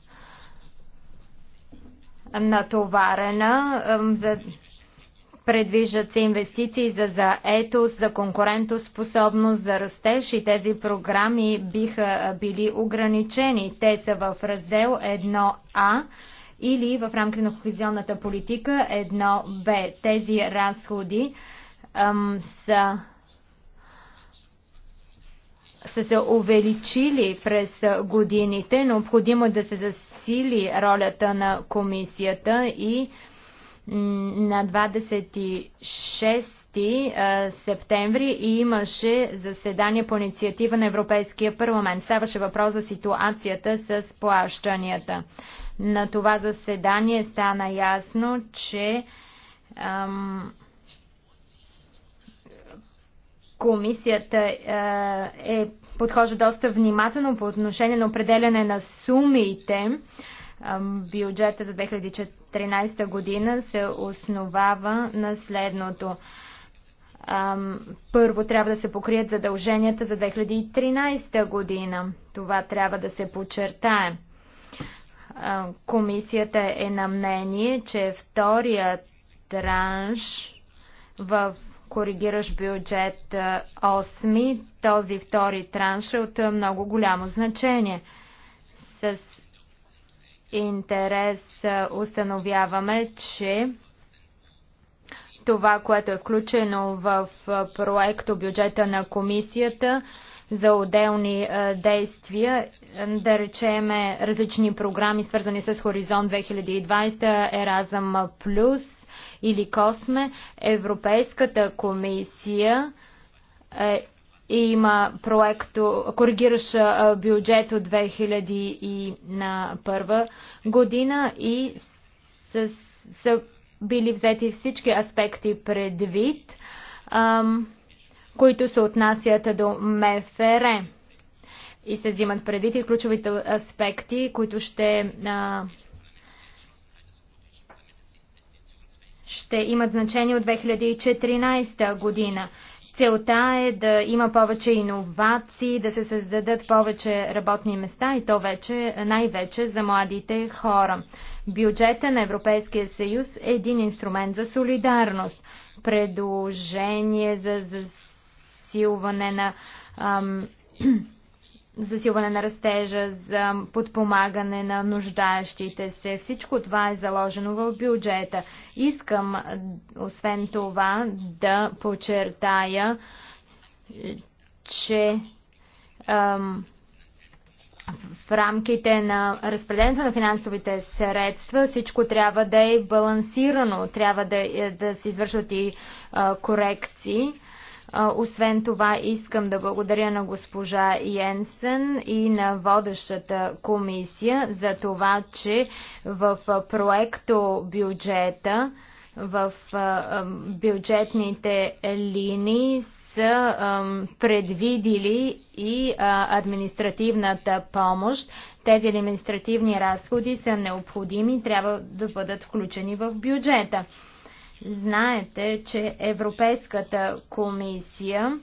натоварена. Предвижат се инвестиции за заетост, за конкурентоспособност, за растеж и тези програми биха били ограничени. Те са в раздел 1А или в рамките на кохезионната политика 1Б. Тези разходи ам, са са се увеличили през годините, необходимо е да се засили ролята на комисията и на 26 септември имаше заседание по инициатива на Европейския парламент. Ставаше въпрос за ситуацията с плащанията. На това заседание стана ясно, че ам, комисията е, е подхожда доста внимателно по отношение на определяне на сумите. Бюджета за 2013 година се основава на следното. Първо трябва да се покрият задълженията за 2013 година. Това трябва да се подчертае. Комисията е на мнение, че вторият транш в коригираш бюджет 8, този втори транш е от много голямо значение. С интерес установяваме, че това, което е включено в проекто бюджета на комисията за отделни действия, да речеме различни програми, свързани с Хоризонт 2020, Еразъм Плюс, или Косме, Европейската комисия е, има проекто, коригираш бюджет от 2001 година и с, са били взети всички аспекти предвид, ам, които се отнасят до МФР и се взимат предвид и ключовите аспекти, които ще а, ще имат значение от 2014 година. Целта е да има повече иновации, да се създадат повече работни места и то вече, най-вече за младите хора. Бюджета на Европейския съюз е един инструмент за солидарност. Предложение за засилване на ам, *clears throat* засилване на растежа, за подпомагане на нуждаещите се. Всичко това е заложено в бюджета. Искам, освен това, да подчертая, че ам, в рамките на разпределението на финансовите средства всичко трябва да е балансирано, трябва да, е, да се извършват и а, корекции освен това, искам да благодаря на госпожа Йенсен и на водещата комисия за това, че в проекто бюджета, в бюджетните линии са предвидили и административната помощ. Тези административни разходи са необходими, и трябва да бъдат включени в бюджета. Знаете, че Европейската комисия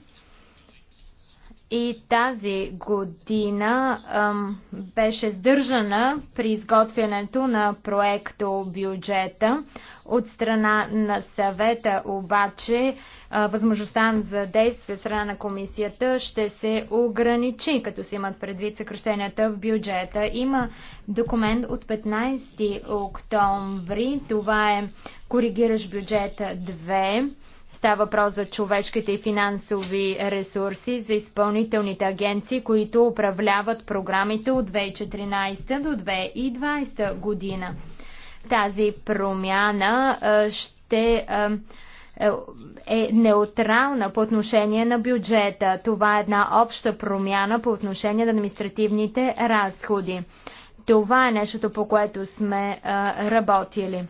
и тази година ам, беше сдържана при изготвянето на проекто бюджета. От страна на съвета обаче възможността за действие страна на комисията ще се ограничи, като се имат предвид съкръщенията в бюджета. Има документ от 15 октомври. Това е коригираш бюджета 2. Става въпрос за човешките и финансови ресурси за изпълнителните агенции, които управляват програмите от 2014 до 2020 година. Тази промяна ще е, е неутрална по отношение на бюджета. Това е една обща промяна по отношение на административните разходи. Това е нещото, по което сме а, е, работили.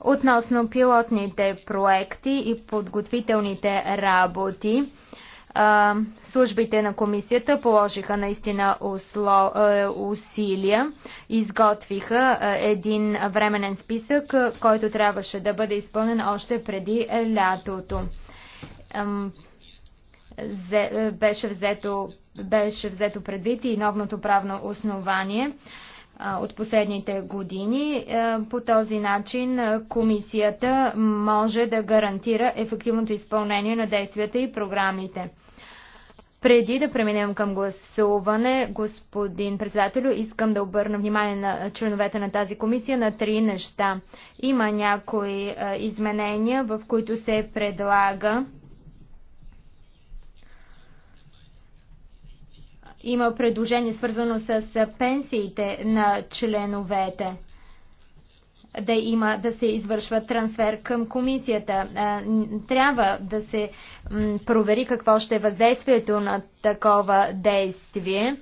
Относно пилотните проекти и подготвителните работи, службите на комисията положиха наистина е, усилия, изготвиха е, един временен списък, който трябваше да бъде изпълнен още преди лятото. Е, беше взето, беше взето предвид и новното правно основание от последните години. По този начин комисията може да гарантира ефективното изпълнение на действията и програмите. Преди да преминем към гласуване, господин председател, искам да обърна внимание на членовете на тази комисия на три неща. Има някои изменения, в които се предлага Има предложение свързано с пенсиите на членовете. Да има да се извършва трансфер към комисията. Трябва да се провери какво ще е въздействието на такова действие.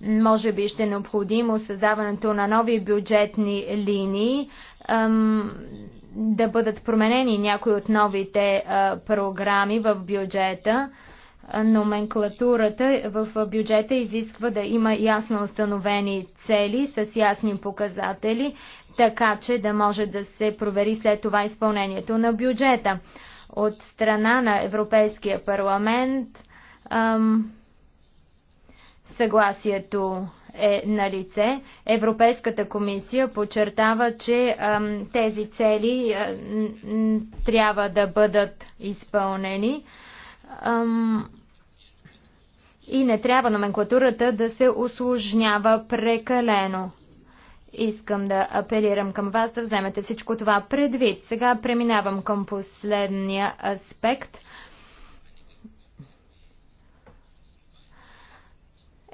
Може би ще е необходимо създаването на нови бюджетни линии да бъдат променени някои от новите програми в бюджета. Номенклатурата в бюджета изисква да има ясно установени цели с ясни показатели, така че да може да се провери след това изпълнението на бюджета. От страна на Европейския парламент ам, съгласието е на лице. Европейската комисия подчертава, че ам, тези цели ам, трябва да бъдат изпълнени. Ам, и не трябва номенклатурата да се осложнява прекалено. Искам да апелирам към вас да вземете всичко това предвид. Сега преминавам към последния аспект.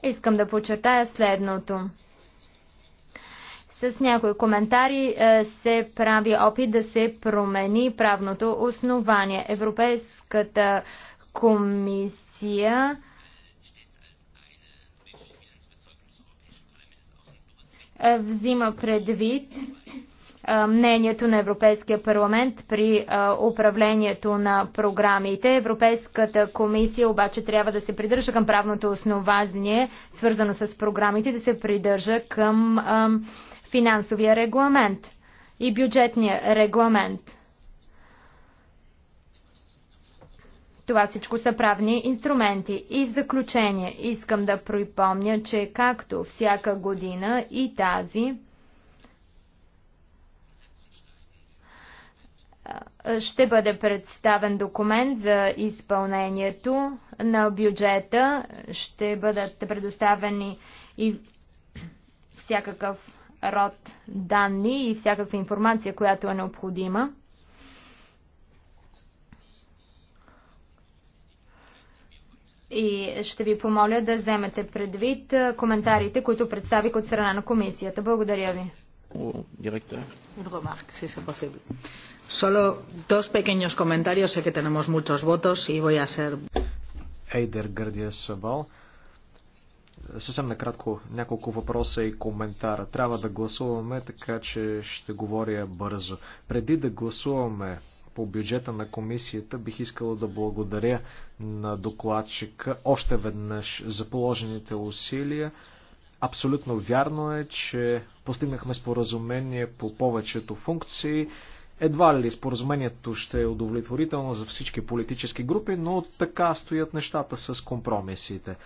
Искам да подчертая следното. С някои коментари е, се прави опит да се промени правното основание. Европейската комисия Е, взима предвид е, мнението на Европейския парламент при е, управлението на програмите. Европейската комисия обаче трябва да се придържа към правното основание, свързано с програмите, да се придържа към финансовия регламент и бюджетния регламент. Това всичко са правни инструменти. И в заключение искам да припомня, че както всяка година и тази ще бъде представен документ за изпълнението на бюджета. Ще бъдат предоставени и всякакъв род данни и всякаква информация, която е необходима. и ще ви помоля да вземете предвид коментарите, които представих от страна на комисията. Благодаря ви. Solo dos pequeños comentarios. Sé que tenemos muchos votos y voy a ser. Ейдер Гърдия Сабал. Съвсем накратко няколко въпроса и коментара. Трябва да гласуваме, така че ще говоря бързо. Преди да гласуваме по бюджета на комисията, бих искала да благодаря на докладчика още веднъж за положените усилия. Абсолютно вярно е, че постигнахме споразумение по повечето функции. Едва ли споразумението ще е удовлетворително за всички политически групи, но така стоят нещата с компромисите.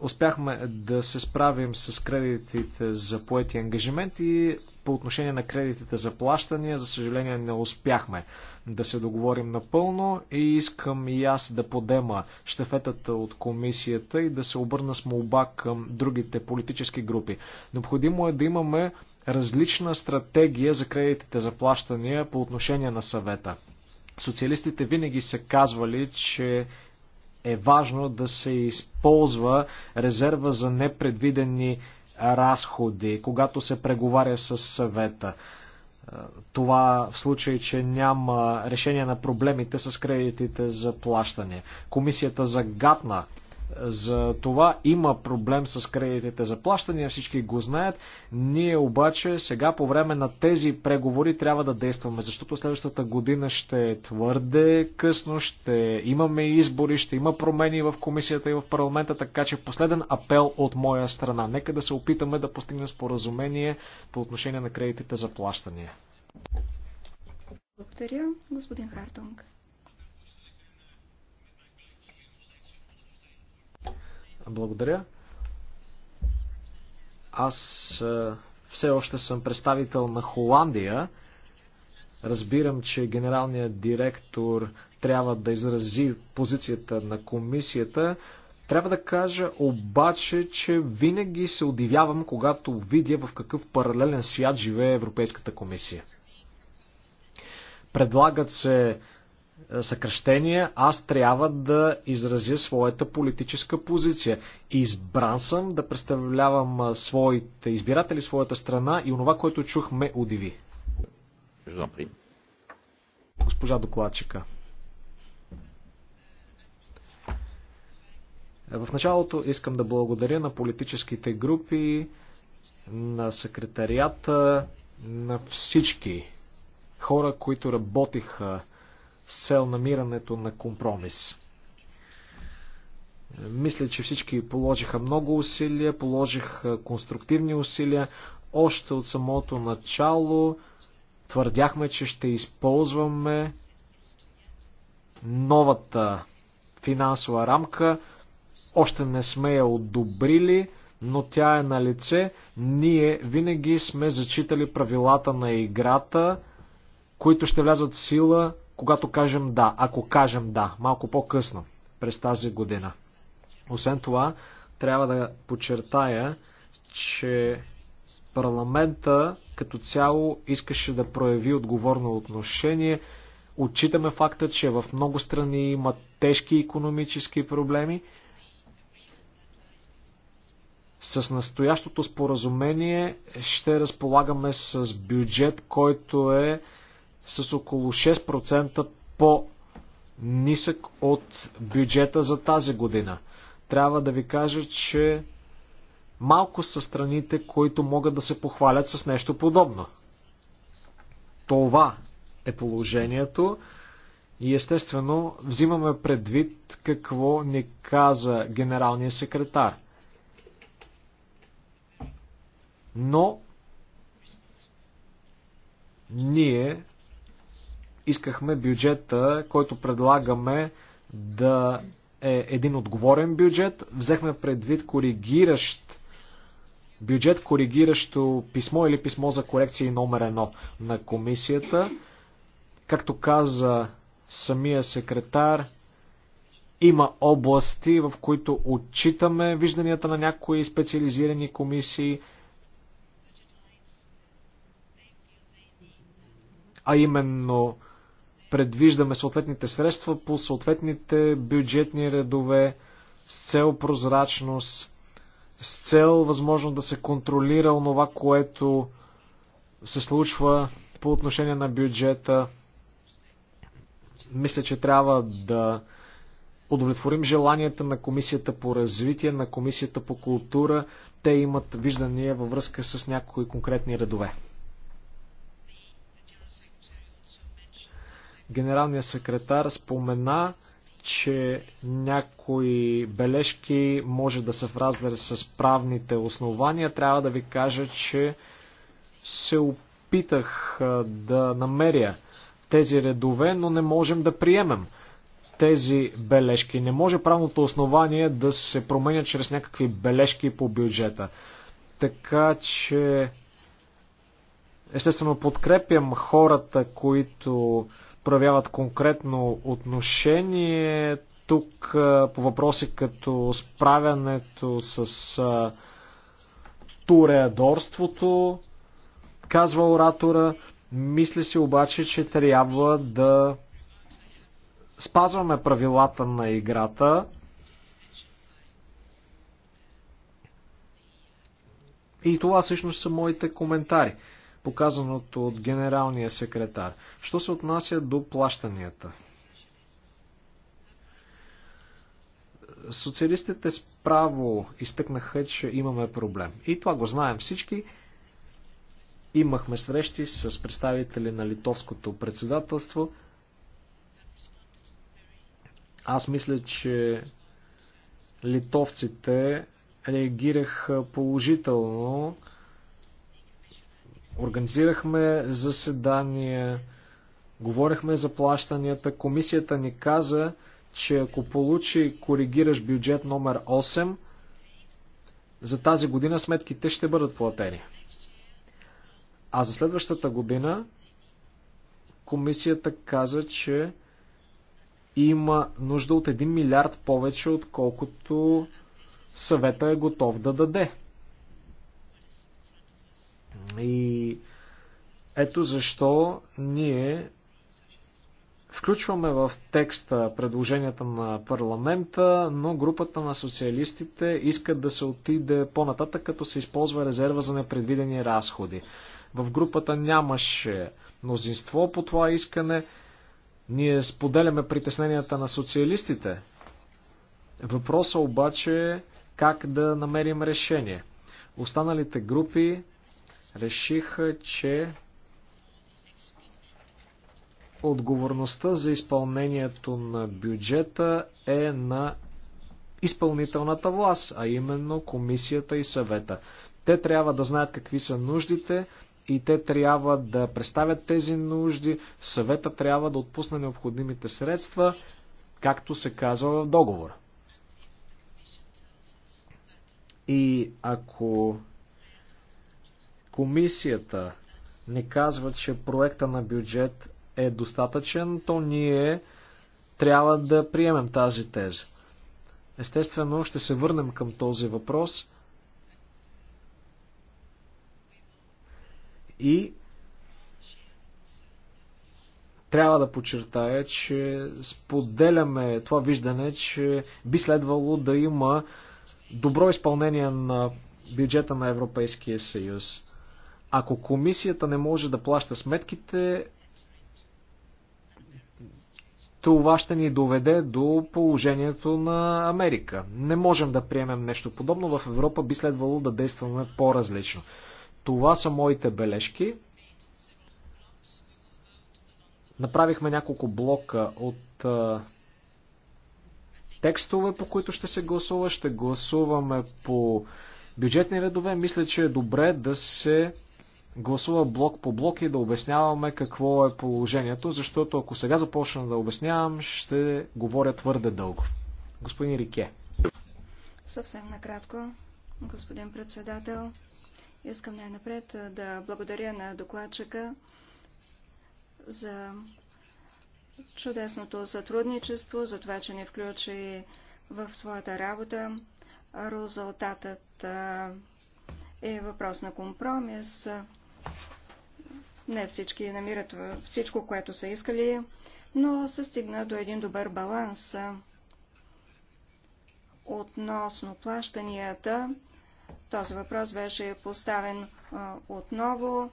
Успяхме да се справим с кредитите за поети ангажименти по отношение на кредитите за плащания. За съжаление не успяхме да се договорим напълно и искам и аз да подема щафетата от комисията и да се обърна с молба към другите политически групи. Необходимо е да имаме различна стратегия за кредитите за плащания по отношение на съвета. Социалистите винаги са казвали, че е важно да се използва резерва за непредвидени разходи, когато се преговаря с съвета. Е, това в случай, че няма решение на проблемите с кредитите за плащане. Комисията загадна за това има проблем с кредитите за плащания, всички го знаят. Ние обаче сега по време на тези преговори трябва да действаме, защото следващата година ще е твърде късно, ще имаме избори, ще има промени в комисията и в парламента, така че последен апел от моя страна. Нека да се опитаме да постигнем споразумение по отношение на кредитите за плащания. Благодаря, господин Хартонг. Благодаря. Аз е, все още съм представител на Холандия. Разбирам, че генералният директор трябва да изрази позицията на комисията. Трябва да кажа обаче, че винаги се удивявам, когато видя в какъв паралелен свят живее Европейската комисия. Предлагат се е, съкръщения, аз трябва да изразя своята политическа позиция. Избран съм да представлявам е, своите избиратели, своята страна и онова, което чух, ме удиви. Госпожа докладчика. Е, в началото искам да благодаря на политическите групи, на секретарията, на всички хора, които работиха с цел намирането на компромис. Мисля, че всички положиха много усилия, положиха конструктивни усилия. Още от самото начало твърдяхме, че ще използваме новата финансова рамка. Още не сме я одобрили, но тя е на лице. Ние винаги сме зачитали правилата на играта, които ще влязат в сила когато кажем да, ако кажем да, малко по-късно през тази година. Освен това, трябва да подчертая, че парламента като цяло искаше да прояви отговорно отношение. Отчитаме факта, че в много страни има тежки економически проблеми. С настоящото споразумение ще разполагаме с бюджет, който е с около 6% по-нисък от бюджета за тази година. Трябва да ви кажа, че малко са страните, които могат да се похвалят с нещо подобно. Това е положението и естествено взимаме предвид какво ни каза генералния секретар. Но ние искахме бюджета, който предлагаме да е един отговорен бюджет. Взехме предвид коригиращ бюджет, коригиращо писмо или писмо за корекции номер едно на комисията. Както каза самия секретар, има области, в които отчитаме вижданията на някои специализирани комисии, а именно предвиждаме съответните средства по съответните бюджетни редове с цел прозрачност, с цел възможно да се контролира онова, което се случва по отношение на бюджета. Мисля, че трябва да удовлетворим желанията на Комисията по развитие, на Комисията по култура. Те имат виждания във връзка с някои конкретни редове. Генералният секретар спомена, че някои бележки може да са в разлер с правните основания. Трябва да ви кажа, че се опитах да намеря тези редове, но не можем да приемем тези бележки. Не може правното основание да се променя чрез някакви бележки по бюджета. Така че, естествено, подкрепям хората, които проявяват конкретно отношение тук по въпроси като справянето с туреадорството, казва оратора. Мисля си обаче, че трябва да спазваме правилата на играта. И това всъщност са моите коментари показаното от генералния секретар. Що се отнася до плащанията? Социалистите справо изтъкнаха, че имаме проблем. И това го знаем всички. Имахме срещи с представители на литовското председателство. Аз мисля, че литовците реагираха положително Организирахме заседания, говорихме за плащанията. Комисията ни каза, че ако получи коригираш бюджет номер 8, за тази година сметките ще бъдат платени. А за следващата година комисията каза, че има нужда от 1 милиард повече, отколкото съвета е готов да даде. И ето защо ние включваме в текста предложенията на парламента, но групата на социалистите искат да се отиде по-нататък, като се използва резерва за непредвидени разходи. В групата нямаше мнозинство по това искане. Ние споделяме притесненията на социалистите. Въпросът обаче е как да намерим решение. Останалите групи решиха, че отговорността за изпълнението на бюджета е на изпълнителната власт, а именно комисията и съвета. Те трябва да знаят какви са нуждите и те трябва да представят тези нужди, съвета трябва да отпусне необходимите средства, както се казва в договора. И ако комисията ни казва, че проекта на бюджет е достатъчен, то ние трябва да приемем тази теза. Естествено, ще се върнем към този въпрос и трябва да подчертая, че споделяме това виждане, че би следвало да има добро изпълнение на бюджета на Европейския съюз. Ако комисията не може да плаща сметките, това ще ни доведе до положението на Америка. Не можем да приемем нещо подобно. В Европа би следвало да действаме по-различно. Това са моите бележки. Направихме няколко блока от а, текстове, по които ще се гласува. Ще гласуваме по бюджетни редове. Мисля, че е добре да се гласува блок по блок и да обясняваме какво е положението, защото ако сега започна да обяснявам, ще говоря твърде дълго. Господин Рике. Съвсем накратко, господин председател, искам най-напред да благодаря на докладчика за чудесното сътрудничество, за това, че ни включи в своята работа. Резултатът е въпрос на компромис. Не всички намират всичко, което са искали, но се стигна до един добър баланс относно плащанията. Този въпрос беше поставен отново.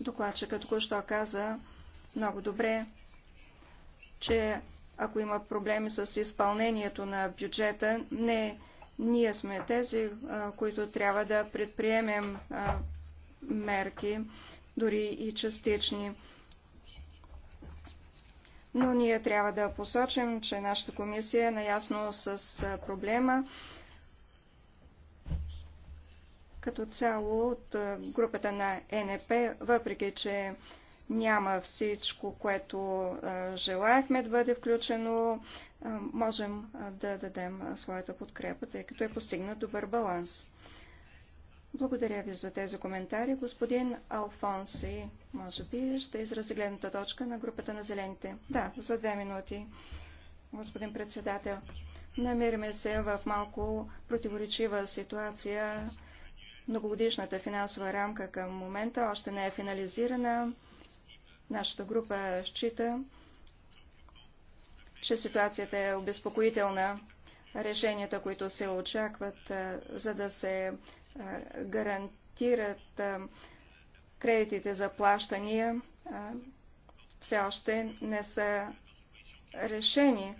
Докладчикът току-що каза много добре, че ако има проблеми с изпълнението на бюджета, не ние сме тези, които трябва да предприемем мерки, дори и частични. Но ние трябва да посочим, че нашата комисия е наясно с проблема. Като цяло от групата на НП, въпреки че няма всичко, което желаехме да бъде включено, можем да дадем своята подкрепа, тъй като е постигнат добър баланс. Благодаря ви за тези коментари. Господин Алфонси, може би ще изрази гледната точка на групата на зелените. Да, за две минути, господин председател. Намираме се в малко противоречива ситуация. Многогодишната финансова рамка към момента още не е финализирана. Нашата група счита, че ситуацията е обезпокоителна решенията, които се очакват, за да се гарантират кредитите за плащания, все още не са решени.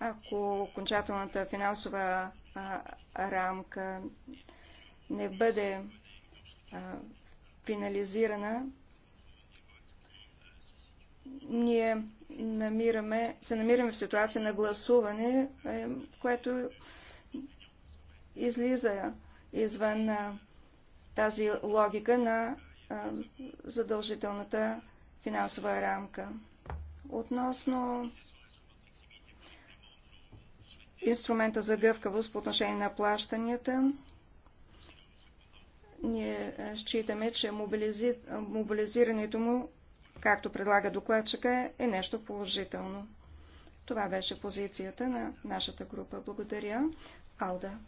Ако окончателната финансова рамка не бъде финализирана, ние намираме, се намираме в ситуация на гласуване, е, което излиза извън тази логика на задължителната финансова рамка. Относно инструмента за гъвкавост по отношение на плащанията, ние считаме, че мобилизи... мобилизирането му, както предлага докладчика, е нещо положително. Това беше позицията на нашата група. Благодаря. Алда.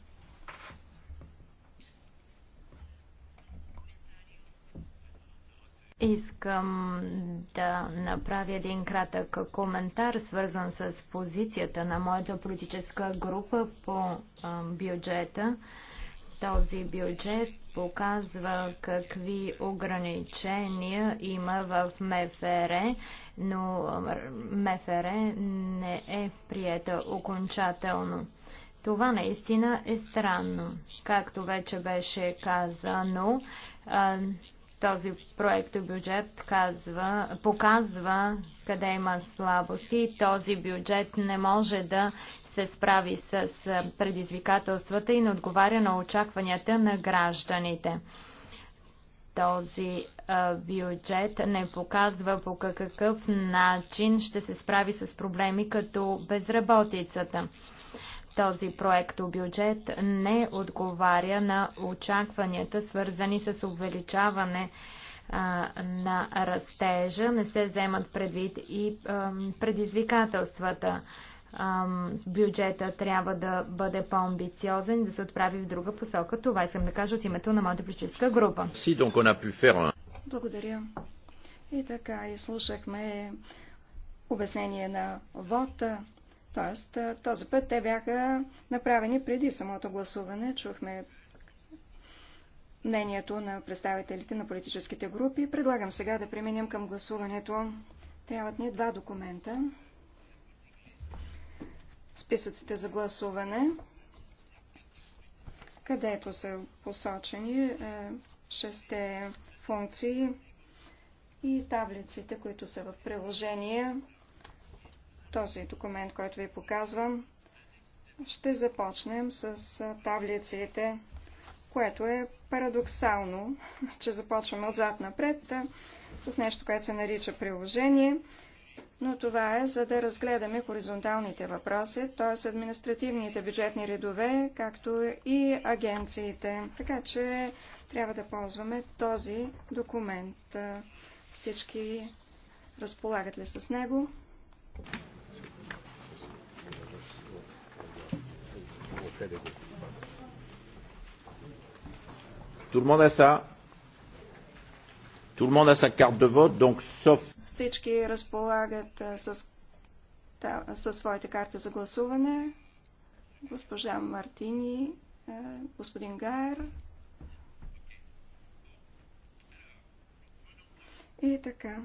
Искам да направя един кратък коментар, свързан с позицията на моята политическа група по бюджета. Този бюджет показва какви ограничения има в МФР, но МФР не е приета окончателно. Това наистина е странно. Както вече беше казано, този проект бюджет казва, показва къде има слабости. Този бюджет не може да се справи с предизвикателствата и не отговаря на очакванията на гражданите. Този бюджет не показва по какъв начин ще се справи с проблеми като безработицата. Този проект бюджет не отговаря на очакванията, свързани с увеличаване на растежа, не се вземат предвид и предизвикателствата. Бюджета трябва да бъде по-амбициозен, да се отправи в друга посока. Това искам да кажа от името на моята политическа група. Благодаря. И така, изслушахме обяснение на вода. Тоест, този път те бяха направени преди самото гласуване. Чухме мнението на представителите на политическите групи. Предлагам сега да преминем към гласуването. Трябват ни два документа. Списъците за гласуване, където са посочени е, шесте функции и таблиците, които са в приложение този документ, който ви показвам. Ще започнем с таблиците, което е парадоксално, *laughs* че започваме отзад напред с нещо, което се нарича приложение, но това е за да разгледаме хоризонталните въпроси, т.е. административните бюджетни редове, както и агенциите. Така че трябва да ползваме този документ. Всички разполагат ли с него? Tout le monde a ça Tout le monde a sa carte de vote, donc sauf... Всички разполагат с, да, със своите карти за гласуване. Госпожа Мартини, господин Гайер. И така.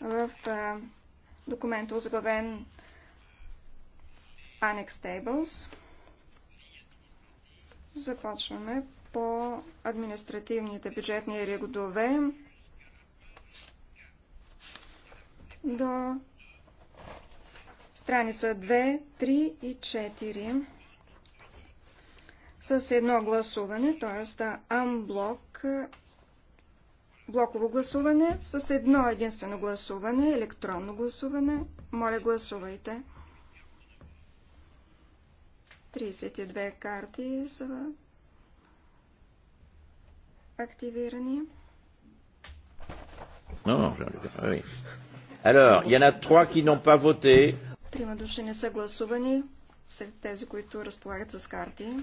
В документа, озаглавен Annex Tables. Започваме по административните бюджетни редове до страница 2, 3 и 4 с едно гласуване, т.е. амблок, блоково гласуване, с едно единствено гласуване, електронно гласуване. Моля, гласувайте. 32 карти са активирани. Non, non, j'en ai oui. Alors, il y en a trois qui n'ont pas voté. Трима души не са гласувани, сред тези, които разполагат с карти.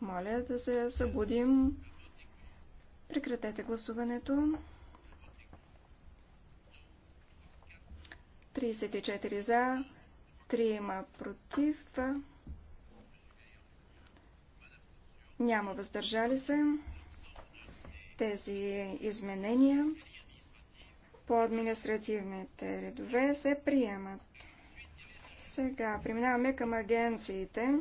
Моля да се събудим. Прекратете гласуването. 34 за, трима против, няма въздържали се. Тези изменения по административните редове се приемат. Сега преминаваме към агенциите.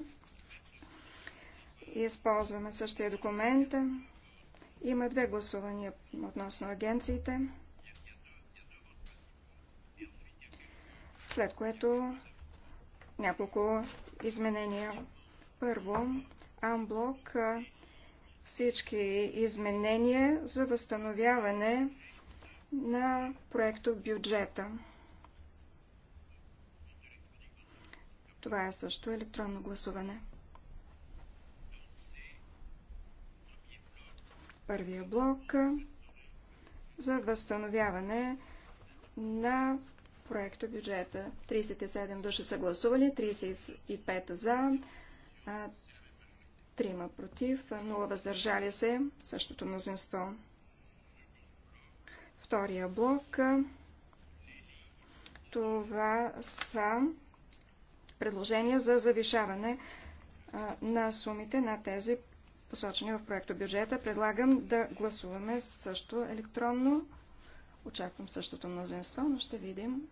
Използваме същия документ. Има две гласувания относно агенциите. След което няколко изменения. Първо, амблок всички изменения за възстановяване на проекто бюджета. Това е също електронно гласуване. Първия блок за възстановяване на проекто бюджета. 37 души са гласували, 35 за, 3 против, 0 въздържали се, същото мнозинство. Втория блок. Това са предложения за завишаване на сумите на тези посочени в проекто бюджета. Предлагам да гласуваме също електронно. Очаквам същото мнозинство, но ще видим.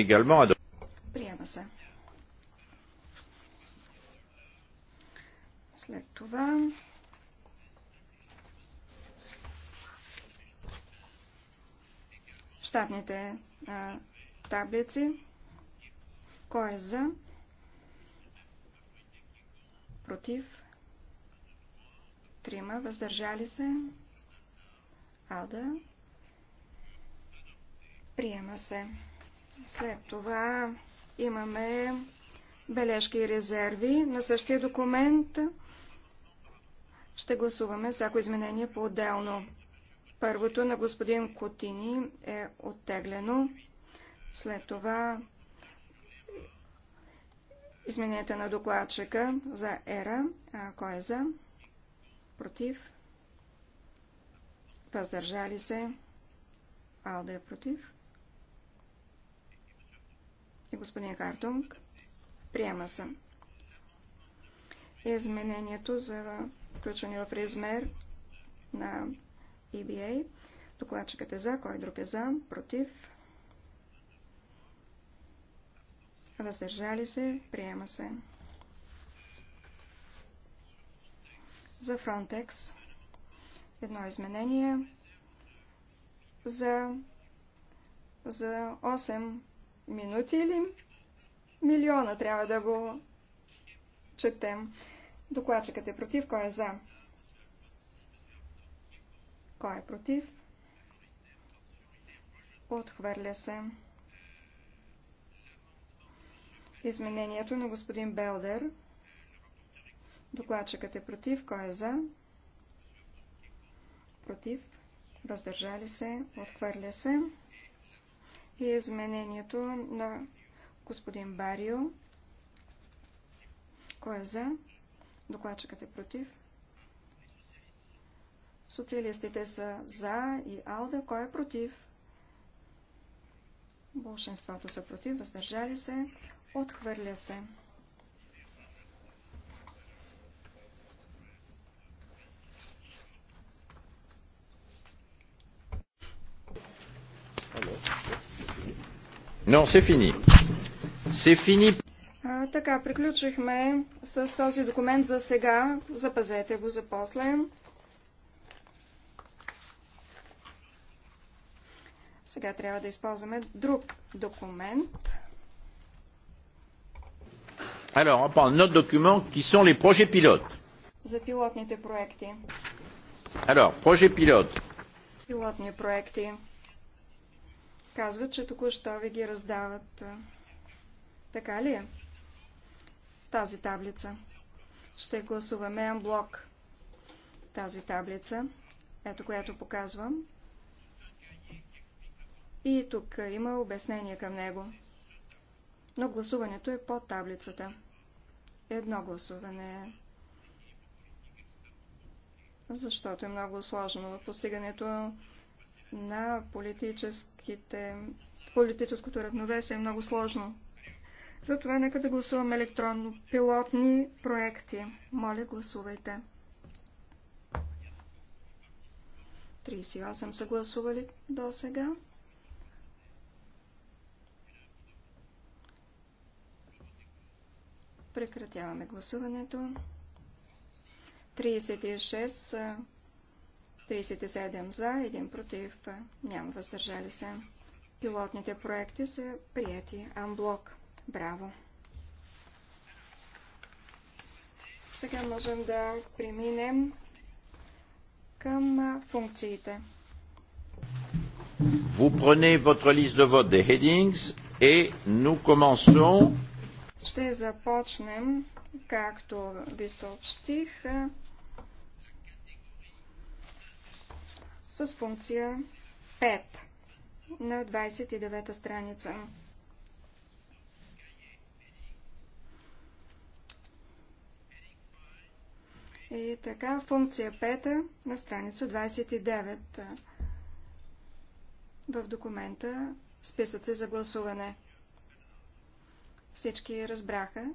également adopté. Приема се. След това Штатните а, таблици. Кой е за? Против? Трима. Въздържали се? Ада. Приема се. След това имаме бележки и резерви на същия документ. Ще гласуваме всяко изменение по-отделно. Първото на господин Котини е оттеглено. След това измененията на докладчика за ера. А, кой е за? Против? Въздържали се? Алда е против? и господин Хартунг. Приема се. Изменението за включване в размер на EBA. Докладчикът е за, кой друг е за, против. Въздържали се, приема се. За Frontex едно изменение за, за 8 минути или милиона трябва да го четем. Докладчикът е против, кой е за? Кой е против? Отхвърля се. Изменението на господин Белдер. Докладчикът е против. Кой е за? Против. Въздържали се. Отхвърля се и изменението на господин Барио. Кой е за? Докладчикът е против. Социалистите са за и Алда. Кой е против? Болшинството са против, въздържали се, отхвърля се. Но, се фини. Се фини. така, приключихме с този документ за сега. Запазете го за после. Сега трябва да използваме друг документ. Alors, on prend notre document qui sont les projets pilotes. За пилотните проекти. Alors, projet pilote. Пилотни проекти. Казват, че току-що ви ги раздават. Така ли е? Тази таблица. Ще гласуваме амблок. Тази таблица, ето която показвам. И тук има обяснение към него. Но гласуването е под таблицата. Едно гласуване е. Защото е много сложно постигането на политическите, политическото равновесие е много сложно. Затова нека да гласуваме електронно пилотни проекти. Моля, гласувайте. 38 са гласували до сега. Прекратяваме гласуването. 36 са. 37 за, 1 против, няма въздържали се. Пилотните проекти са прияти амблок. Браво! Сега можем да преминем към функциите. Vous prenez votre liste de vote des headings et nous commençons. Ще започнем, както ви съобщих, с функция 5 на 29-та страница. И така, функция 5 на страница 29 в документа списъци за гласуване. Всички разбраха.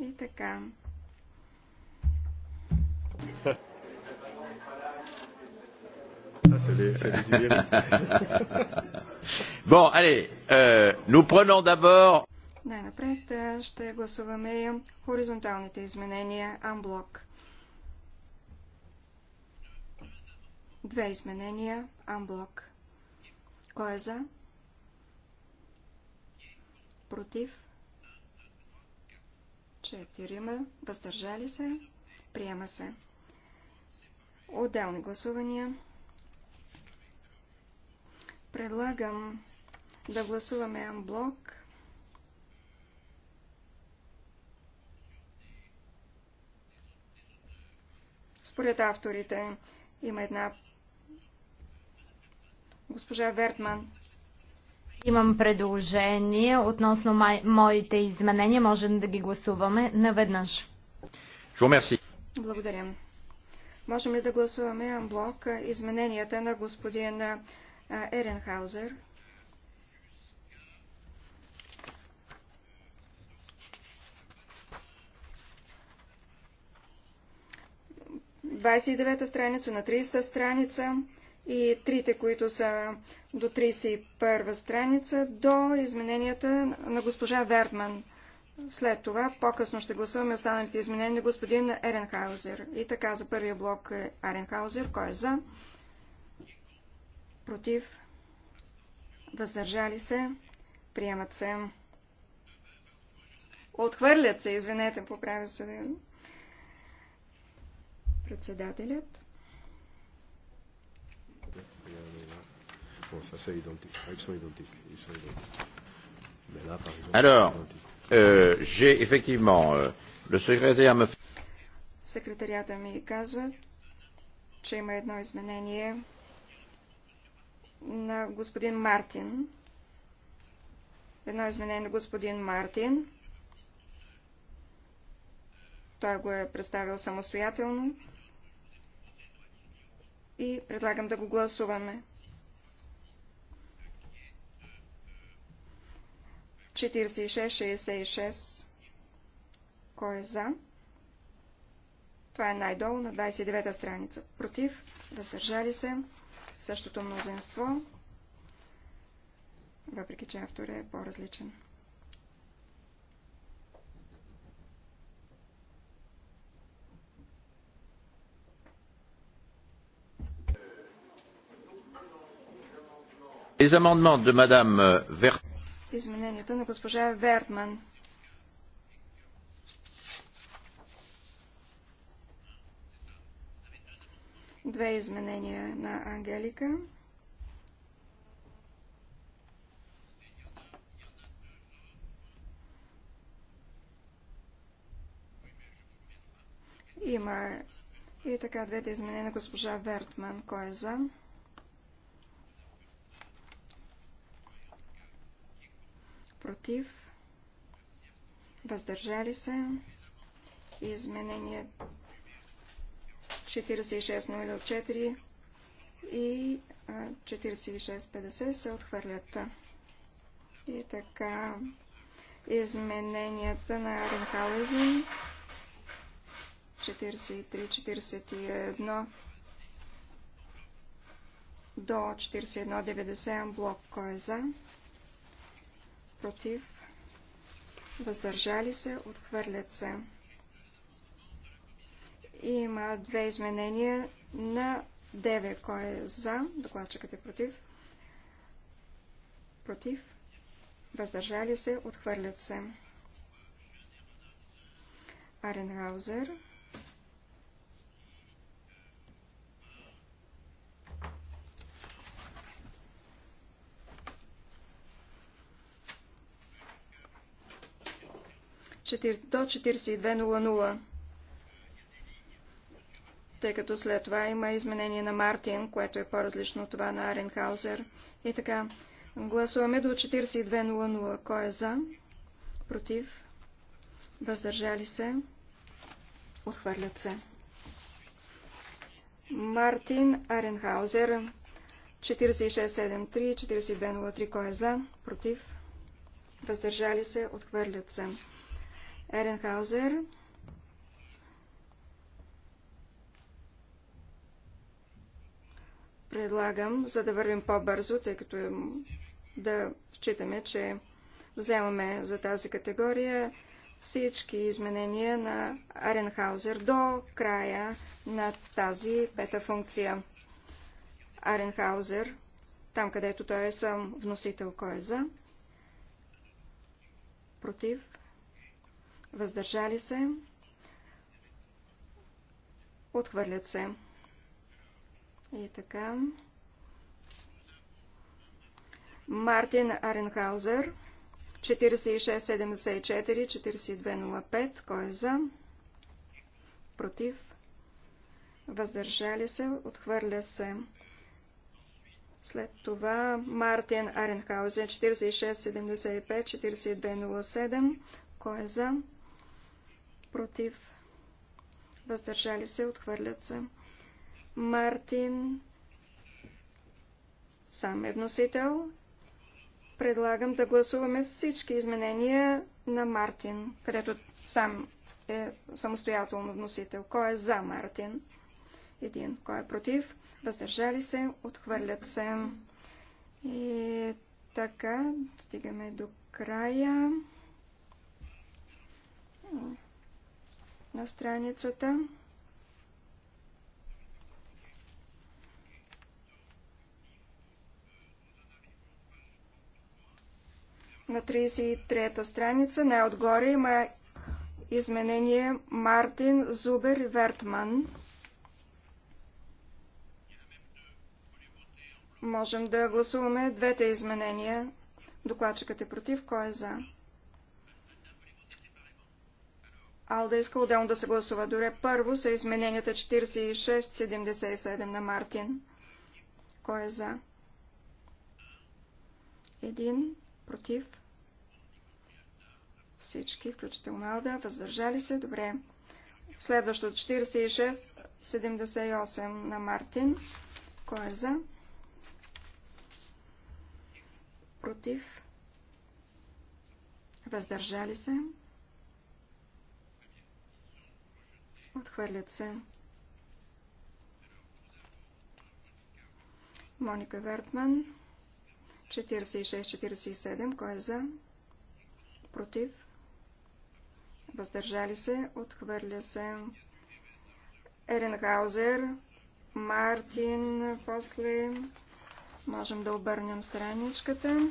И така. Ah, *laughs* bon, allez, euh, nous prenons d'abord... Най-напред е, ще гласуваме хоризонталните изменения Амблок. Две изменения Амблок. Кой е за? Против? Четирима. Въздържали се? Приема се. Отделни гласувания. Предлагам да гласуваме амблок. Според авторите има една госпожа Вертман. Имам предложение относно май, моите изменения. Можем да ги гласуваме наведнъж. Благодаря. Можем ли да гласуваме Амблок? измененията на господин Еренхаузер. 29-та страница на 30-та страница и трите, които са до 31 страница, до измененията на госпожа Вертман. След това, по-късно ще гласуваме останалите изменения на господин Еренхаузер. И така, за първия блок е Еренхаузер, кой е за? против, въздържали се, приемат се. Отхвърлят се, извинете, поправя се председателят. Ah, Alors, euh, j'ai effectivement euh, le secrétaire me. Секретарията ми казва, че има едно изменение на господин Мартин. Едно изменение на господин Мартин. Той го е представил самостоятелно. И предлагам да го гласуваме. 46-66. Кой е за? Това е най-долу на 29-та страница. Против? Въздържали се? същото мнозинство, въпреки че авторът е по-различен. Les amendements de Madame Vert... Измененията на госпожа Вертман Две изменения на Ангелика. Има и така двете изменения на госпожа Вертман. Кой е за? Против? Въздържали се? Изменение. 4604 и 4650 се отхвърлят. И така, измененията на Ренхаузен 43-41 до 4190, блок. Кой е за? Против? Въздържали се? Отхвърлят се. Има две изменения на 9. Кой е за? Докладчикът е против. Против. Въздържали се. Отхвърлят се. Аренхаузер. до 42.00 тъй като след това има изменение на Мартин, което е по-различно от това на Аренхаузер. И така, гласуваме до 42.00. Кой е за? Против? Въздържали се? Отхвърлят се. Мартин Аренхаузер 4673 4203 кой е за? Против? Въздържали се? Отхвърлят се. Еренхаузер предлагам, за да вървим по-бързо, тъй като е да считаме, че вземаме за тази категория всички изменения на Аренхаузер до края на тази пета функция. Аренхаузер, там където той е сам вносител, кой е за, против, въздържали се, отхвърлят се. И така. Мартин Аренхаузер. 4674-4205. Кой е за? Против? Въздържали се? Отхвърля се. След това Мартин Аренхаузен 4675-4207. Кой е за? Против? Въздържали се? Отхвърлят се. Мартин сам е вносител. Предлагам да гласуваме всички изменения на Мартин, където сам е самостоятелно вносител. Кой е за Мартин? Един. Кой е против? Въздържали се? Отхвърлят се. И така, стигаме до края на страницата. На 33-та страница най-отгоре има изменение Мартин Зубер и Вертман. Можем да гласуваме двете изменения. Докладчикът е против. Кой е за? Алда иска отделно да се гласува. Доре първо са измененията 46-77 на Мартин. Кой е за? Един. Против. Всички, включително Алда, въздържали се. Добре. Следващото 46-78 на Мартин. Кой е за? Против. Въздържали се. Отхвърлят се. Моника Вертман. 46-47. Кой е за? Против въздържали се, отхвърля се. Еренхаузер, Мартин, после можем да обърнем страничката.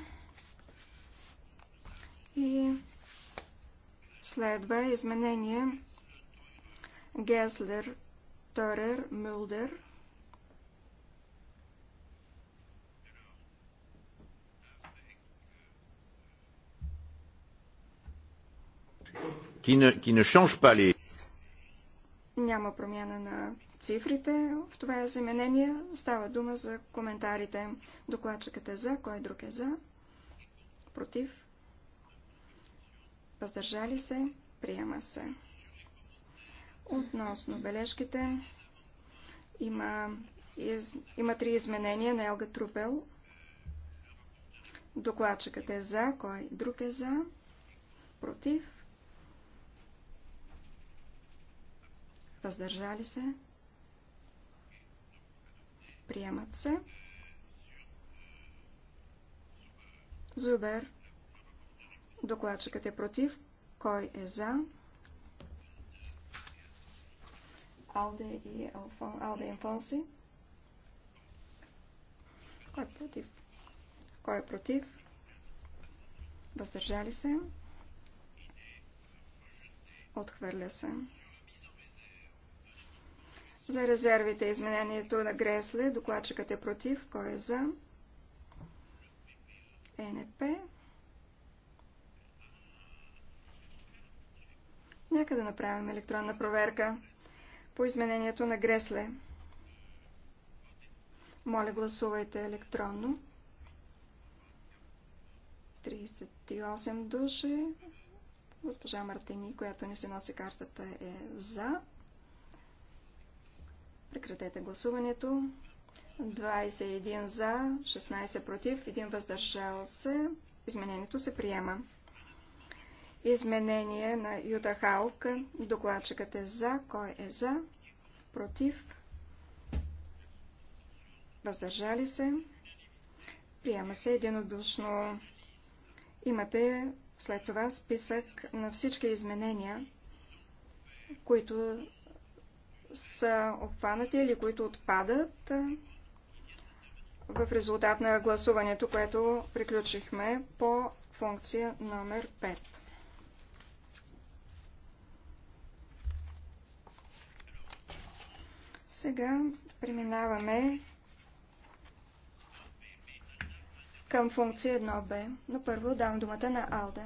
И следва изменение Геслер, Торер, Мюлдер. qui ne, qui ne change pas les... Няма промяна на цифрите в това е заменение. Става дума за коментарите. Докладчикът е за, кой друг е за, против, въздържали се, приема се. Относно бележките, има, из, има три изменения на Елга Трупел. Докладчикът е за, кой друг е за, против, въздържали се, приемат се. Зубер, докладчикът е против, кой е за? Алде и Алфон, Алде и Фонси. Кой е против? Кой е против? Въздържали се? Отхвърля се. За резервите изменението на Гресле. Докладчикът е против. Кой е за? Е, НП. Нека да направим електронна проверка по изменението на Гресле. Моля, гласувайте електронно. 38 души. Госпожа Мартини, която не се носи картата, е за. Прекратете гласуването. 21 за, 16 против, 1 въздържал се. Изменението се приема. Изменение на Юта Халк. Докладчикът е за. Кой е за? Против. Въздържали се. Приема се единодушно. Имате след това списък на всички изменения, които са обхванати или които отпадат в резултат на гласуването, което приключихме по функция номер 5. Сега преминаваме към функция 1b, но първо давам думата на Алда.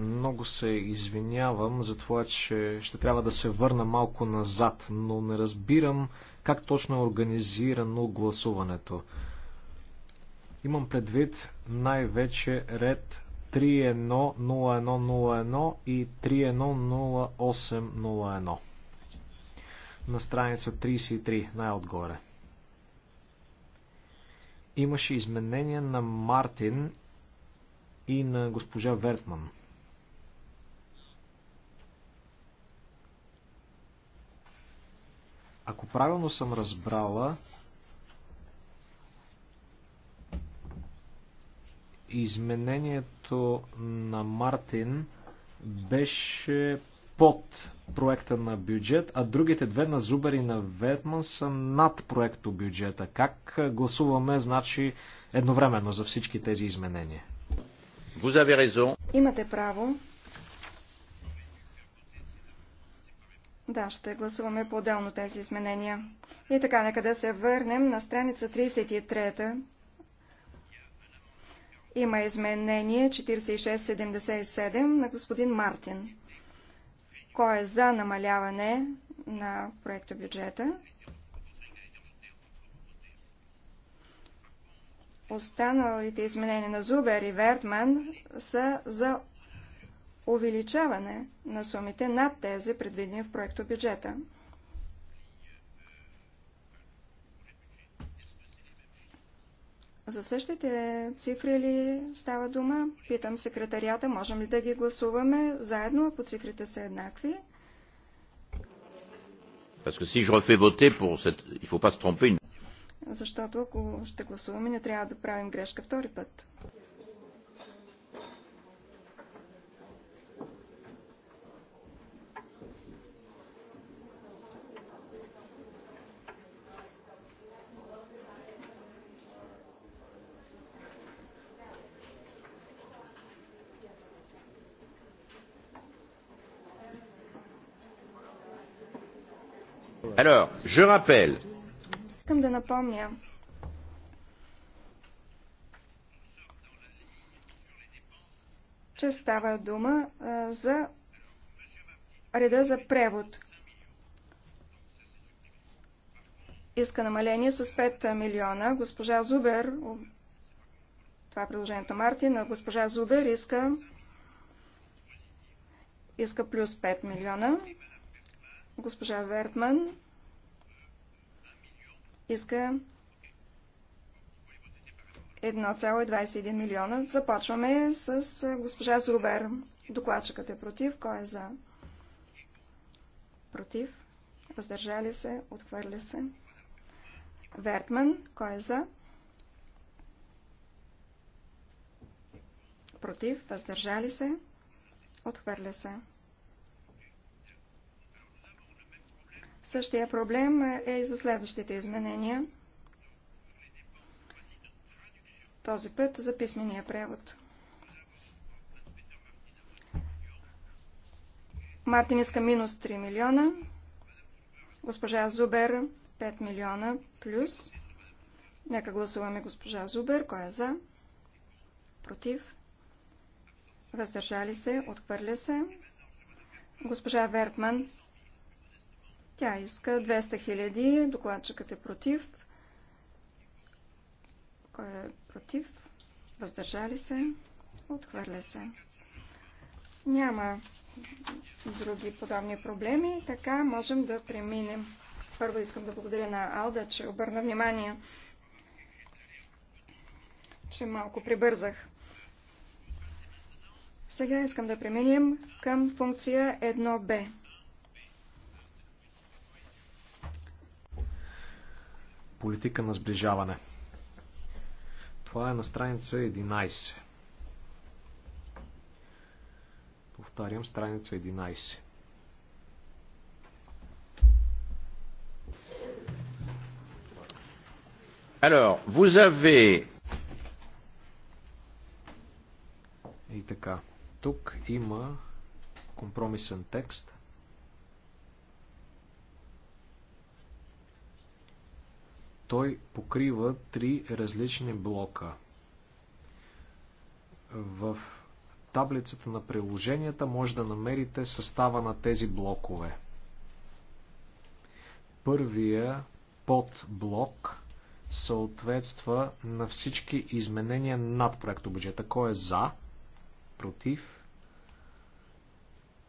Много се извинявам за това, че ще трябва да се върна малко назад, но не разбирам как точно е организирано гласуването. Имам предвид най-вече ред 310101 и 310801 на страница 33, най-отгоре. Имаше изменения на Мартин и на госпожа Вертман. Ако правилно съм разбрала, изменението на Мартин беше под проекта на бюджет, а другите две на Зубер и на Ветман са над проекто бюджета. Как гласуваме, значи, едновременно за всички тези изменения? Имате право. Да, ще гласуваме по-отделно тези изменения. И така, нека да се върнем на страница 33. Има изменение 4677 на господин Мартин. Кой е за намаляване на проекта бюджета? Останалите изменения на Зубер и Вертман са за увеличаване на сумите над тези, предвидени в проекто бюджета. За същите цифри ли става дума? Питам секретарията, можем ли да ги гласуваме заедно, ако цифрите са еднакви? Защото ако ще гласуваме, не трябва да правим грешка втори път. Alors, je rappelle. Искам да напомня. че става дума а, за реда за превод. Иска намаление с 5 милиона. Госпожа Зубер, това е предложението Мартин, а госпожа Зубер иска, иска плюс 5 милиона. Госпожа Вертман иска 1,21 милиона. Започваме с госпожа Зубер. Докладчикът е против. Кой е за? Против. Въздържали се. Отхвърля се. Вертман. Кой е за? Против. Въздържали се. Отхвърля се. Същия проблем е и за следващите изменения. Този път за писмения превод. Мартин иска минус 3 милиона, госпожа Зубер 5 милиона плюс. Нека гласуваме госпожа Зубер. Кой е за? Против? Въздържали се? Отхвърля се? Госпожа Вертман тя иска 200 хиляди, докладчикът е против. Кой е против? Въздържали се? Отхвърля се. Няма други подобни проблеми, така можем да преминем. Първо искам да благодаря на Алда, че обърна внимание, че малко прибързах. Сега искам да преминем към функция 1b. политика на сближаване. Това е на страница 11. Повтарям, страница 11. Alors, vous avez... И така, тук има компромисен текст – Той покрива три различни блока. В таблицата на приложенията може да намерите състава на тези блокове. Първия подблок съответства на всички изменения над проектобюджета. Кой е за? Против?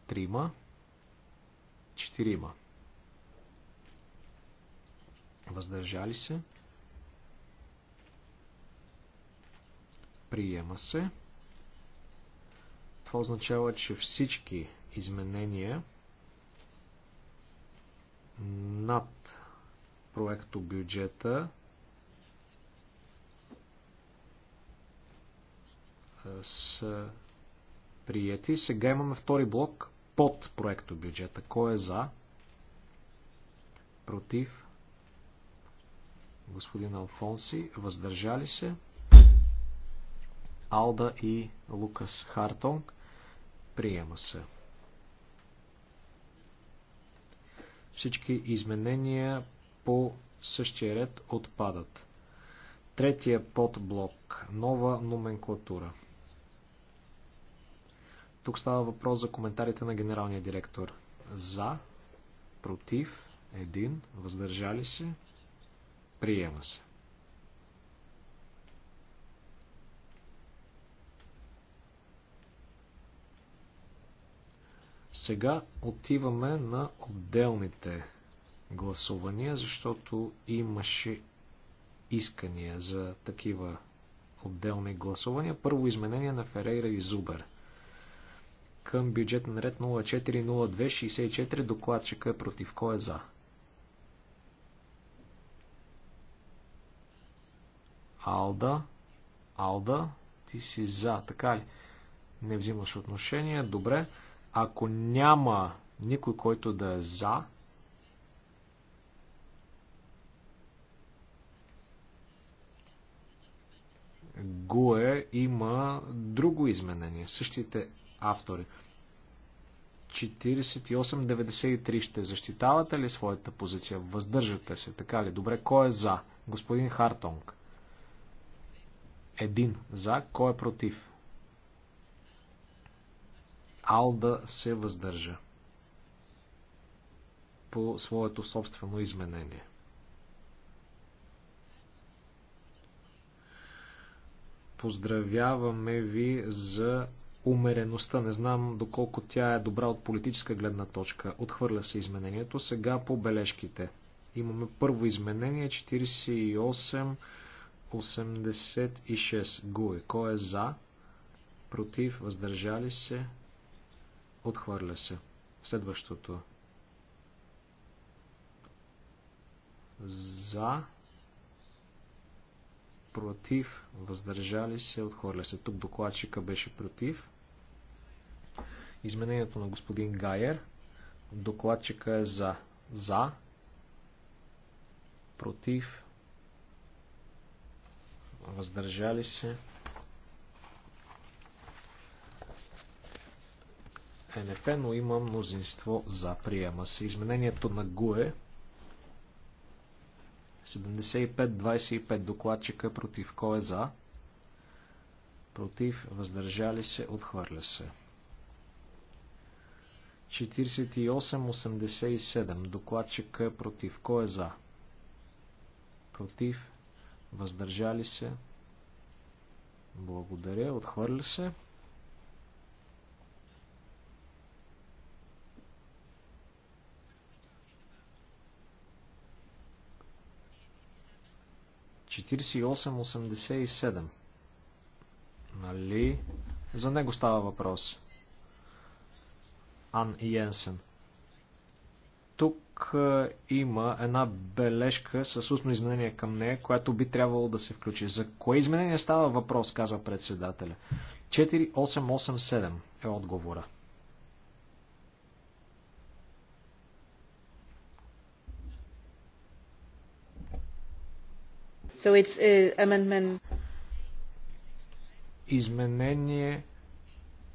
Трима? Четирима. Въздържали се. Приема се. Това означава, че всички изменения над проекто бюджета са приети. Сега имаме втори блок под проекто бюджета. Кой е за? Против? господин Алфонси, въздържали се, Алда и Лукас Хартонг, приема се. Всички изменения по същия ред отпадат. Третия подблок. Нова номенклатура. Тук става въпрос за коментарите на генералния директор. За, против, един, въздържали се, Приема се. Сега отиваме на отделните гласувания, защото имаше искания за такива отделни гласувания. Първо изменение на Ферейра и Зубер. Към бюджетен ред 040264 докладчика е против. Кой е за? Алда. Алда, ти си за, така ли? Не взимаш отношение. Добре. Ако няма никой, който да е за, Гуе има друго изменение, същите автори. 48-93 ще защитавате ли своята позиция? Въздържате се, така ли? Добре, кой е за? Господин Хартонг. Един за, кой е против? Алда се въздържа по своето собствено изменение. Поздравяваме ви за умереността. Не знам доколко тя е добра от политическа гледна точка. Отхвърля се изменението. Сега по бележките. Имаме първо изменение 48 86 гуи. Кой е за? Против? Въздържали се? Отхвърля се. Следващото. За? Против? Въздържали се? Отхвърля се. Тук докладчика беше против. Изменението на господин Гайер. Докладчика е за. За? Против? въздържали се. Е, НП, но има мнозинство за приема се. Изменението на ГУЕ 75-25 докладчика против кой е за? Против, въздържали се, отхвърля се. 48-87 докладчика е против кой е за? Против, въздържали се, благодаря, отхвърля се. Четиридесет осем, осемдесет и седем. Нали? За него става въпрос. Ан Йенсен. Тук има една бележка с устно изменение към нея, която би трябвало да се включи. За кое изменение става въпрос, казва председателя. 4887 е отговора. So it's uh, amendment. Изменение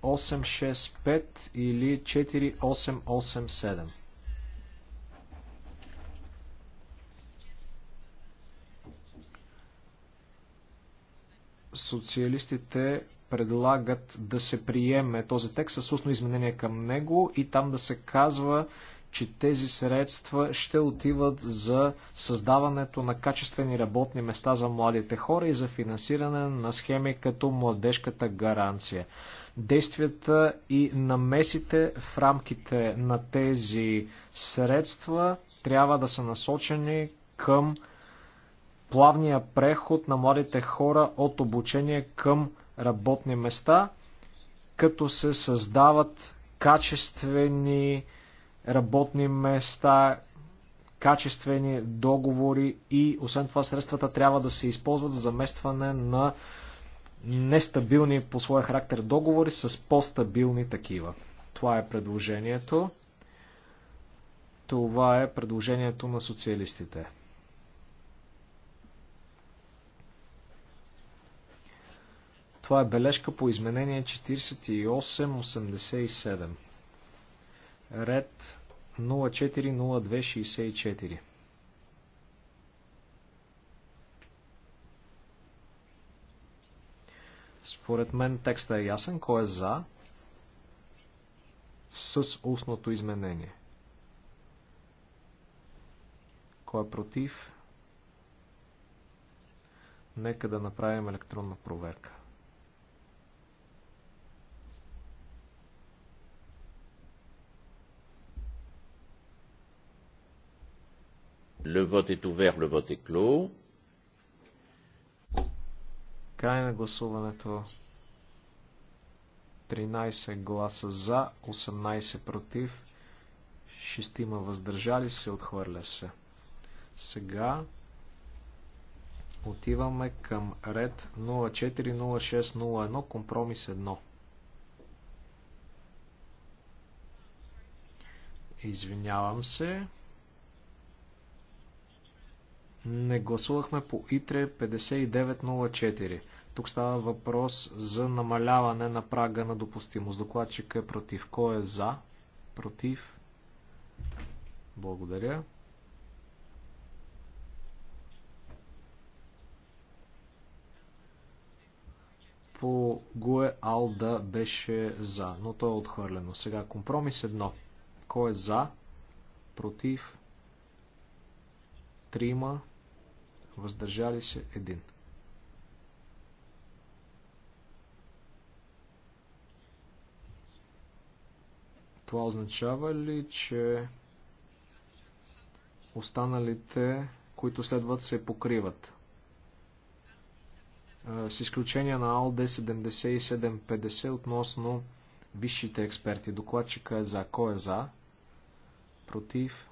865 или 4887. социалистите предлагат да се приеме този текст с устно изменение към него и там да се казва, че тези средства ще отиват за създаването на качествени работни места за младите хора и за финансиране на схеми като младежката гаранция. Действията и намесите в рамките на тези средства трябва да са насочени към плавния преход на младите хора от обучение към работни места, като се създават качествени работни места, качествени договори и освен това средствата трябва да се използват за заместване на нестабилни по своя характер договори с по-стабилни такива. Това е предложението. Това е предложението на социалистите. Това е бележка по изменение 4887. Ред 040264. Според мен текста е ясен. Кой е за? С устното изменение. Кой е против? Нека да направим електронна проверка. Le vote est ouvert, le vote est clos. Край на гласуването. 13 гласа за, 18 против, 6 въздържали се, отхвърля се. Сега отиваме към ред 040601, компромис 1. Извинявам се, не гласувахме по ИТРЕ 5904. Тук става въпрос за намаляване на прага на допустимост. Докладчика е против. Кой е за? Против? Благодаря. По Гуе Алда беше за, но то е отхвърлено. Сега компромис едно. Кой е за? Против? Трима? въздържали се един? Това означава ли, че останалите, които следват, се покриват? С изключение на АЛД 7750 относно висшите експерти. Докладчика е за. Кой е за? Против?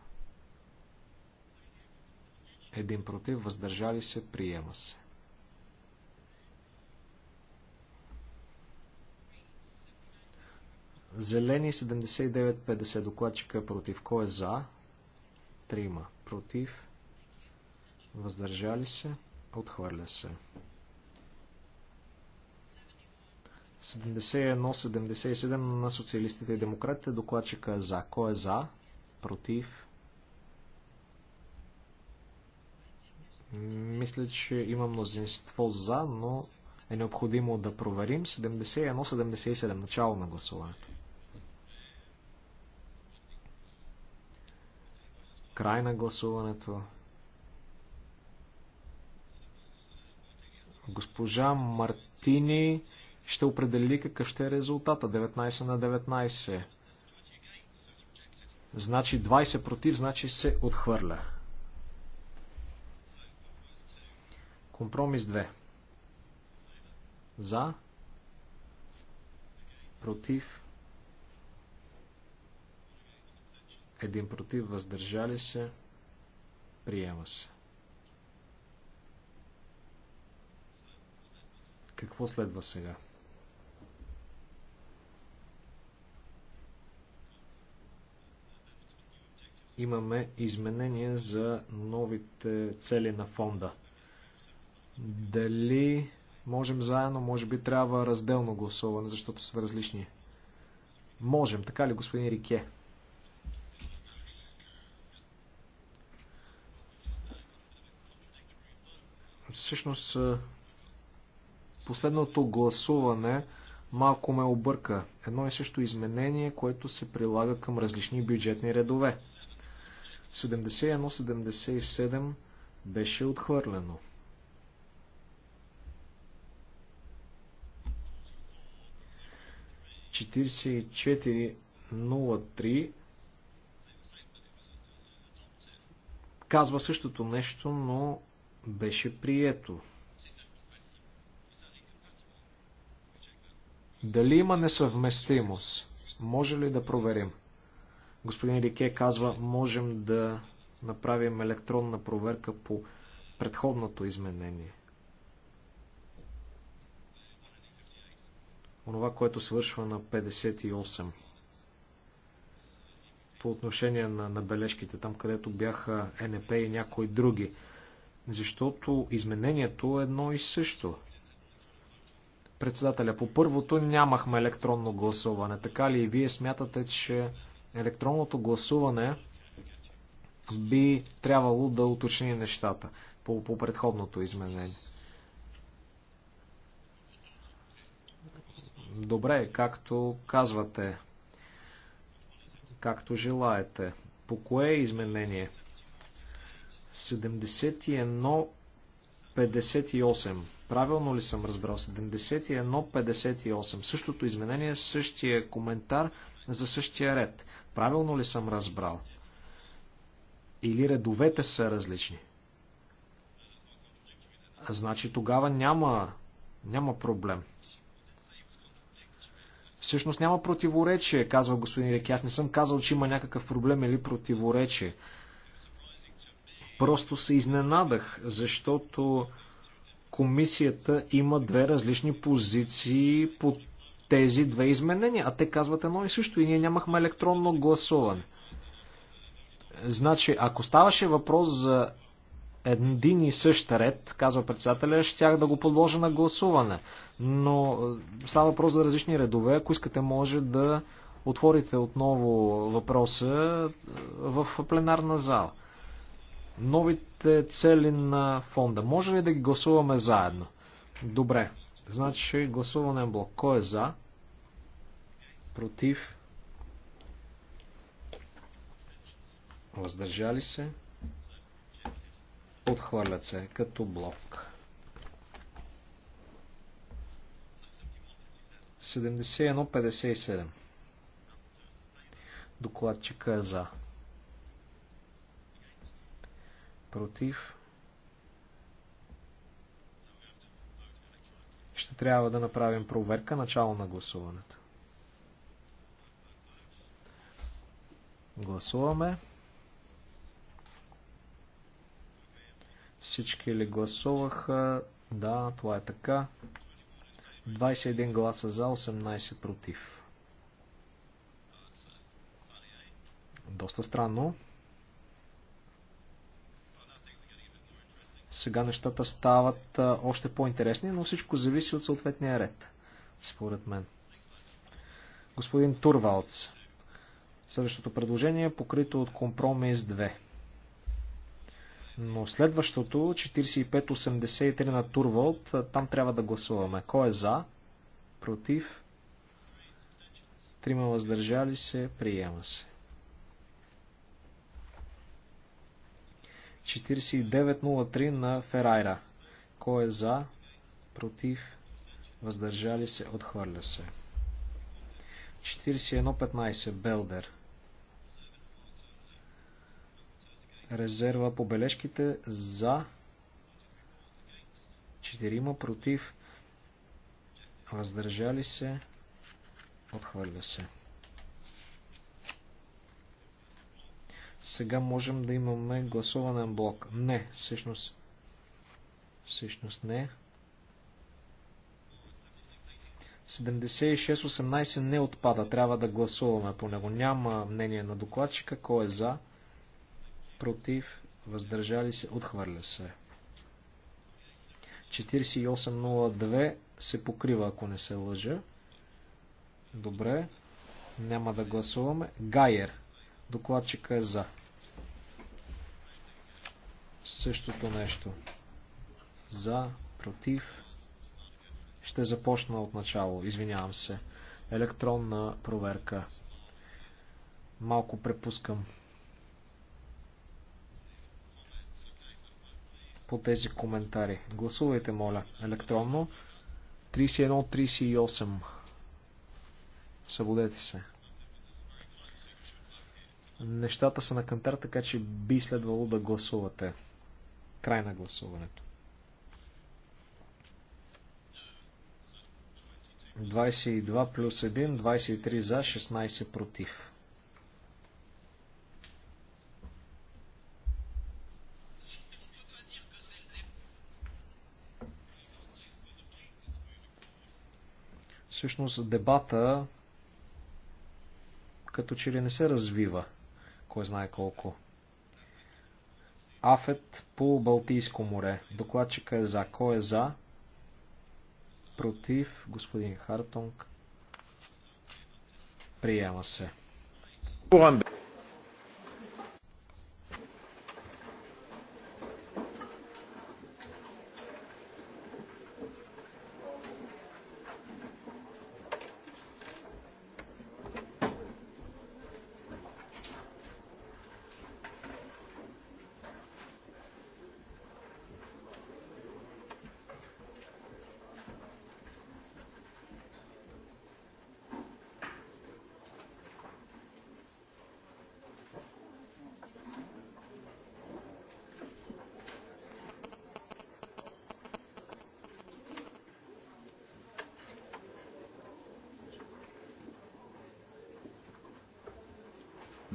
един против, въздържали се, приема се. Зелени 79-50 докладчика е против. Кой е за? Трима. Против. Въздържали се. Отхвърля се. 71-77 на социалистите и демократите. Докладчика е за. Кой е за? Против. Мисля, че има мнозинство за, но е необходимо да проверим. 71-77, начало на гласуването. Край на гласуването. Госпожа Мартини ще определи какъв ще е резултата. 19 на 19. Значи 20 против, значи се отхвърля. Компромис 2. За. Против. Един против. Въздържали се. Приема се. Какво следва сега? Имаме изменения за новите цели на фонда. Дали можем заедно, може би трябва разделно гласуване, защото са различни. Можем, така ли, господин Рике? Всъщност, последното гласуване малко ме обърка. Едно и също изменение, което се прилага към различни бюджетни редове. 71-77 беше отхвърлено. 4403 казва същото нещо, но беше прието. Дали има несъвместимост? Може ли да проверим? Господин Рике казва, можем да направим електронна проверка по предходното изменение. онова, което свършва на 58. По отношение на, на бележките, там където бяха НП и някои други. Защото изменението е едно и също. Председателя, по първото нямахме електронно гласуване. Така ли и вие смятате, че електронното гласуване би трябвало да уточни нещата по, по предходното изменение? Добре, както казвате, както желаете. По кое е изменение? 71-58. Правилно ли съм разбрал? 71-58. Същото изменение, същия коментар за същия ред. Правилно ли съм разбрал? Или редовете са различни? А значи тогава няма, няма проблем. 71 Всъщност няма противоречие, казва господин Рек. Аз не съм казал, че има някакъв проблем или противоречие. Просто се изненадах, защото комисията има две различни позиции по тези две изменения, а те казват едно и също и ние нямахме електронно гласуване. Значи, ако ставаше въпрос за един и същ ред, казва председателя, щях да го подложа на гласуване. Но е, става въпрос за различни редове. Ако искате, може да отворите отново въпроса е, в пленарна зала. Новите цели на фонда. Може ли да ги гласуваме заедно? Добре. Значи гласуване е блок. Кой е за? Против? Въздържали се? Отхвърлят се като блок. 71-57. Докладчика е за. Против. Ще трябва да направим проверка начало на гласуването. Гласуваме. Всички ли гласуваха? Да, това е така. 21 гласа за, 18 против. Доста странно. Сега нещата стават още по-интересни, но всичко зависи от съответния ред, според мен. Господин Турвалц. Следващото предложение е покрито от компромис 2. Но следващото, 4583 на Турволт, там трябва да гласуваме. Кой е за? Против? Трима въздържали се, приема се. 4903 на Ферайра. Кой е за? Против? Въздържали се, отхвърля се. 4115 Белдер. резерва по бележките за 4 против въздържали се отхвърля се сега можем да имаме гласуване на блок не, всъщност всъщност не 76-18 не отпада трябва да гласуваме по него няма мнение на докладчика кой е за против, въздържали се, отхвърля се. 4802 се покрива, ако не се лъжа. Добре. Няма да гласуваме. Гайер. Докладчика е за. Същото нещо. За, против. Ще започна от начало. Извинявам се. Електронна проверка. Малко препускам. по тези коментари. Гласувайте, моля, електронно. 31-38. Събудете се. Нещата са на кантар, така че би следвало да гласувате. Край на гласуването. 22 плюс 1, 23 за, 16 против. Всъщност дебата като че ли не се развива, кой знае колко. Афет по Балтийско море. Докладчика е за. Кой е за? Против. Господин Хартонг. Приема се.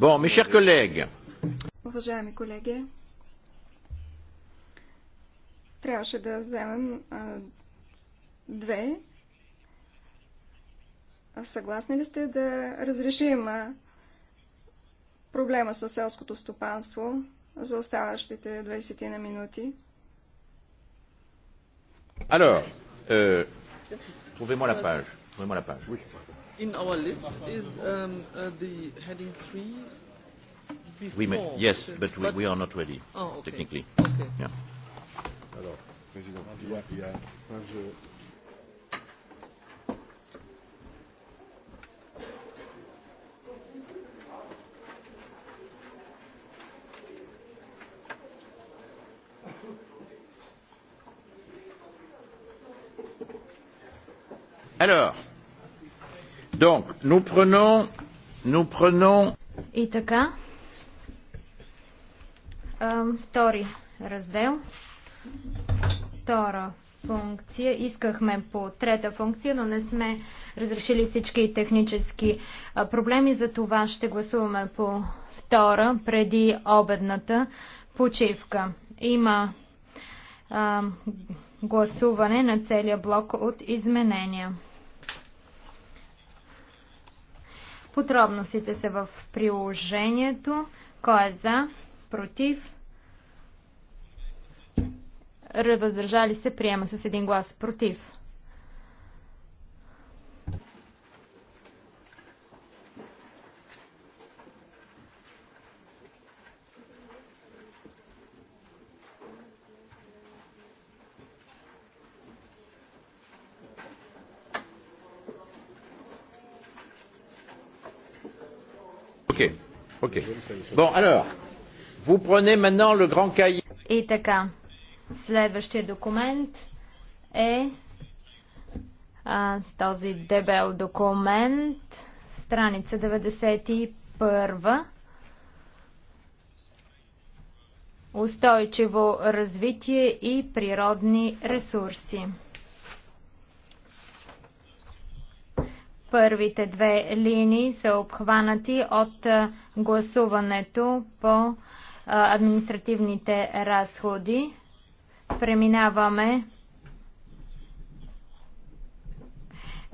Bon, mes chers collègues. Уважаеми колеги, трябваше да вземем а, две. А съгласни ли сте да разрешим а, проблема с селското стопанство за оставащите 20 на минути? Alors, euh, trouvez-moi la page. Trouvez-moi la page. Oui in our list is um, uh, the heading three before. We may, yes, but we, we are not ready, oh, okay. technically. Okay. Yeah. Alors, Président, il y a, il y a, Donc, nous prenons, nous prenons... И така, втори раздел, втора функция. Искахме по трета функция, но не сме разрешили всички технически проблеми. За това ще гласуваме по втора преди обедната почивка. Има гласуване на целия блок от изменения. Подробностите са в приложението. Кой е за? Против? Въздържали се? Приема с един глас. Против? Bon, alors, vous prenez maintenant le grand cahier. И така, следващия документ е а, този дебел документ, страница 91. Устойчиво развитие и природни ресурси. Първите две линии са обхванати от гласуването по административните разходи. Преминаваме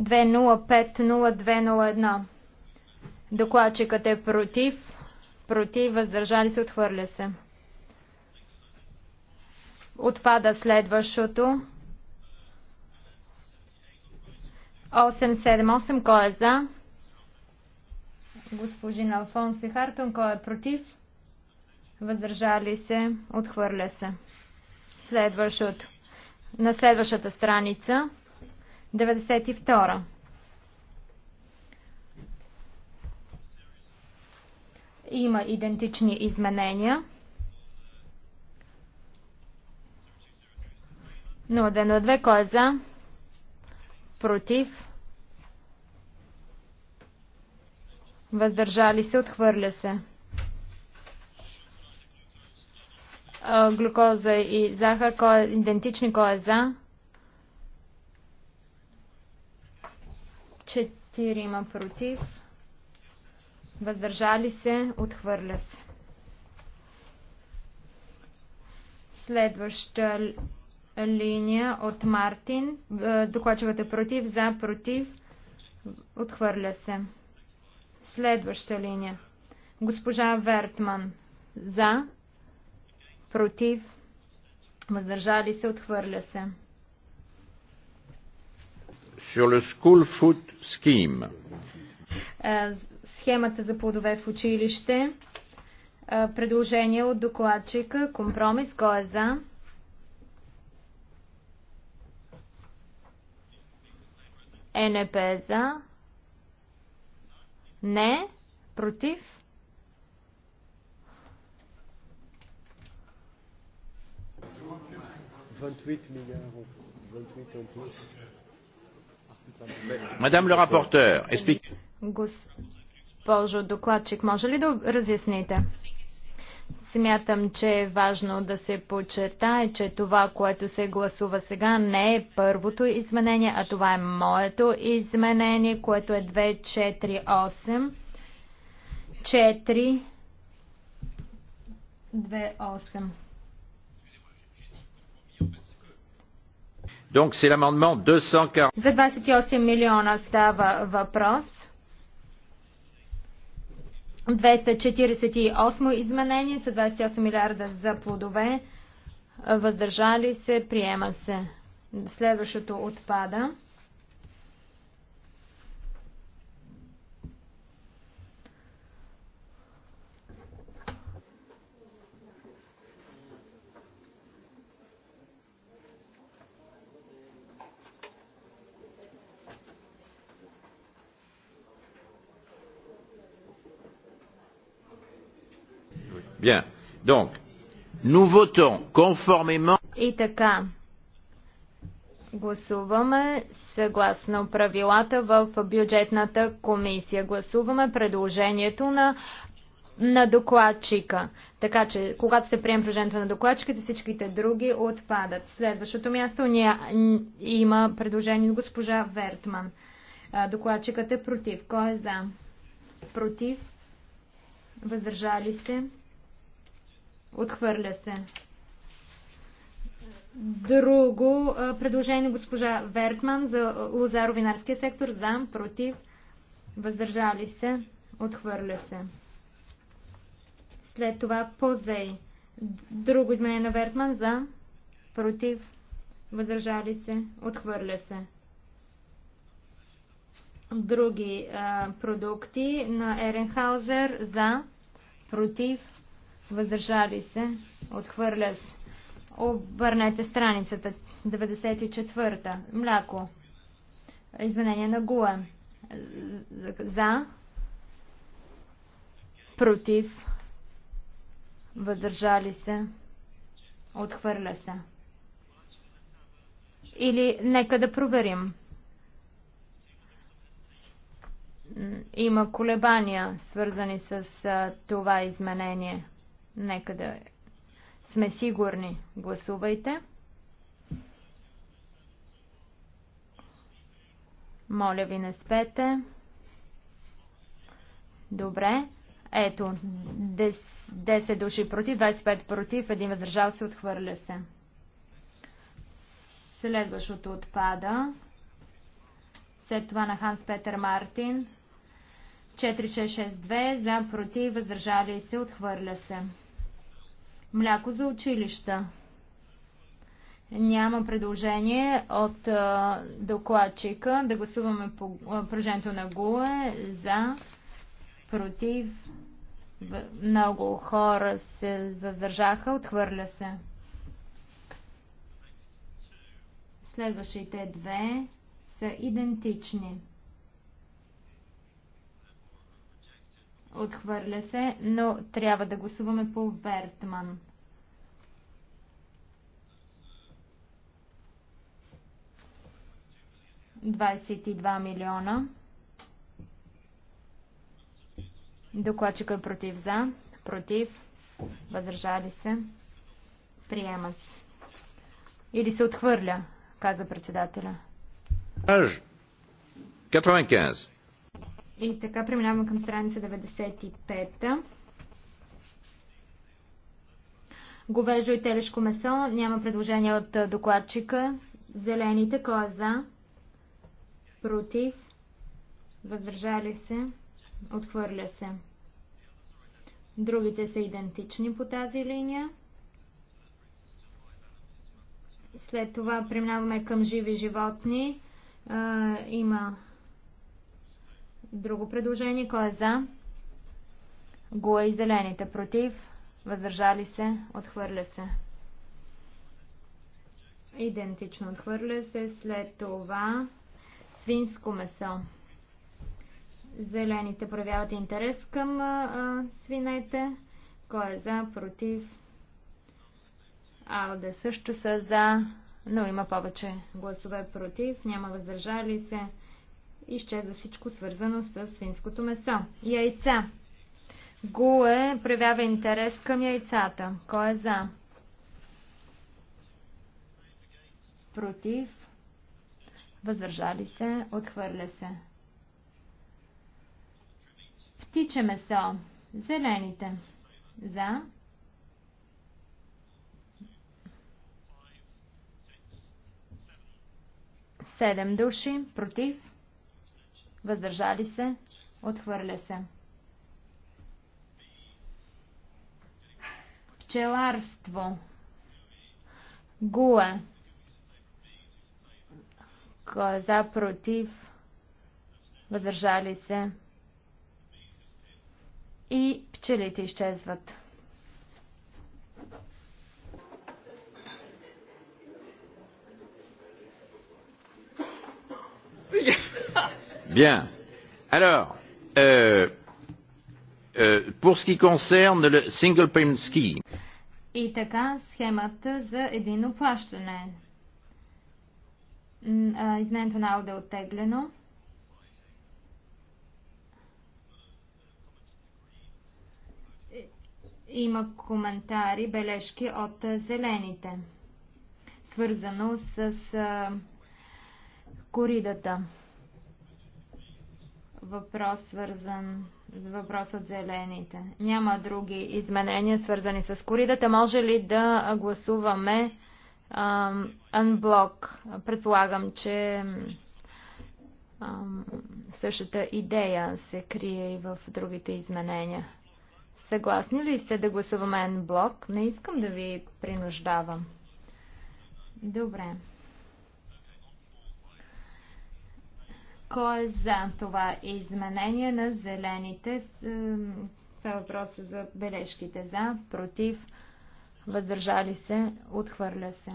205-0201. Докладчикът е против. Против, въздържали се, отхвърля се. Отпада следващото. 878, кой е за? Госпожин Алфонс и Хартон, кой е против? Въздържали се, отхвърля се. Следващото. На следващата страница. 92. Има идентични изменения. 0 на 2, кой е за? против, въздържали се, отхвърля се. Глюкоза и захар, кой е идентични, кой е за? има против, въздържали се, отхвърля се. Следваща линия от Мартин. Е, е против, за, против. Отхвърля се. Следваща линия. Госпожа Вертман. За, против, въздържали се, отхвърля се. Sur le school food scheme. Е, схемата за плодове в училище. Е, предложение от докладчика. Компромис. Кой е за? НП за. Не. Против. Мадам ле рапортер, Госпожо докладчик, може ли да разясните? Смятам, че е важно да се подчертае, че това, което се гласува сега, не е първото изменение, а това е моето изменение, което е 248. 4 2-8. За 28 милиона става въпрос. 248 изменение са 28 милиарда за плодове. Въздържали се, приема се. Следващото отпада. Bien. Donc, nous votons conformément. И така. Гласуваме съгласно правилата в бюджетната комисия. Гласуваме предложението на на докладчика. Така че, когато се приеме предложението на докладчиката, всичките други отпадат. Следващото място ня... има предложение от госпожа Вертман. Докладчикът е против. Кой е за? Против? Въздържали се? Отхвърля се. Друго предложение госпожа Вертман за лозаровинарския сектор. За, против, въздържали се, отхвърля се. След това Позей. Друго изменение на Вертман за, против, въздържали се, отхвърля се. Други а, продукти на Еренхаузер за, против, въздържали се, отхвърля се. Обърнете страницата. 94-та. Мляко. Изменение на Гуа. За. Против. Въздържали се. Отхвърля се. Или нека да проверим. Има колебания, свързани с това изменение. Нека да сме сигурни. Гласувайте. Моля ви, не спете. Добре. Ето, 10 души против, 25 против, един въздържал се, отхвърля се. Следващото отпада. След това на Ханс Петър Мартин. 4662 за против, въздържали се, отхвърля се. Мляко за училища. Няма предложение от а, докладчика да гласуваме по прожението на ГУЕ за, против. Много хора се задържаха, отхвърля се. Следващите две са идентични. Отхвърля се, но трябва да гласуваме по Вертман. Двадесет и два милиона. Докладчика е против за. Против. Въздържали се. Приема се. Или се отхвърля, каза председателя. 95. И така преминаваме към страница 95-та. Говежо и телешко месо. Няма предложение от докладчика. Зелените. коза. Е за? Против. Въздържали се. Отхвърля се. Другите са идентични по тази линия. След това преминаваме към живи животни. Има Друго предложение. Кой е за? Гуа и зелените. Против? Въздържали се? Отхвърля се. Идентично отхвърля се. След това свинско месо. Зелените проявяват интерес към а, свинете. Кой е за? Против? Алде също са за, но има повече гласове против. Няма въздържали се изчезва всичко свързано с свинското месо. Яйца. Гуе проявява интерес към яйцата. Кой е за? Против. Въздържали се. Отхвърля се. Птиче месо. Зелените. За. Седем души. Против въздържали се, отхвърля се. Пчеларство. Гуе. Коза е против. Въздържали се. И пчелите изчезват. Yeah. *laughs* Bien. Alors, euh, euh, pour ce qui concerne le single payment scheme. И така схемата за едино плащане. Изменението на Алда е оттеглено. Има коментари, бележки от зелените, свързано с коридата въпрос, свързан с въпрос от зелените. Няма други изменения, свързани с коридата. Може ли да гласуваме анблок? Предполагам, че същата идея се крие и в другите изменения. Съгласни ли сте да гласуваме анблок? Не искам да ви принуждавам. Добре. Кой е за това изменение на зелените? Това е въпрос за бележките. За, против, въздържали се, отхвърля се.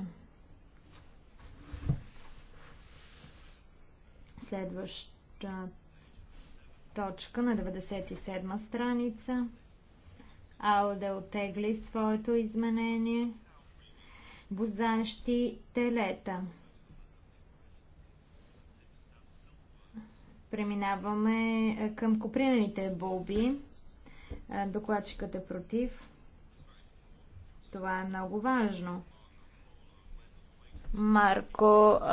Следваща точка на 97 страница. Алде отегли своето изменение. Бозащи телета. Преминаваме е, към копринените болби. Е, докладчикът е против. Това е много важно. Марко е,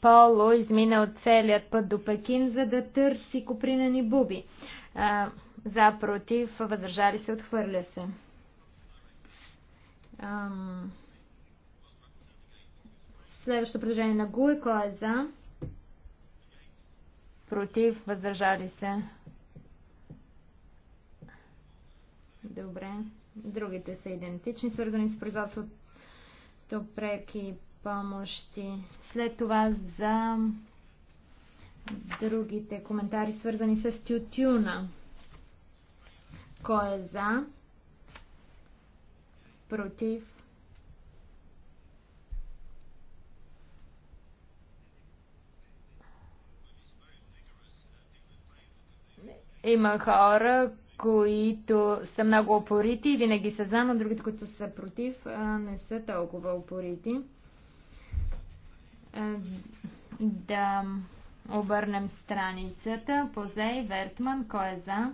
Пауло изминал целият път до Пекин, за да търси копринени буби. за, против, въздържали се, отхвърля се. Следващото предложение на Гуе, кой е за? против, въздържали се. Добре. Другите са идентични, свързани с производството преки помощи. След това за другите коментари, свързани с тютюна. Кой е за? Против? Има хора, които са много опорити и винаги са за, но другите, които са против, не са толкова опорити. Да обърнем страницата. Позей Вертман, кой е за?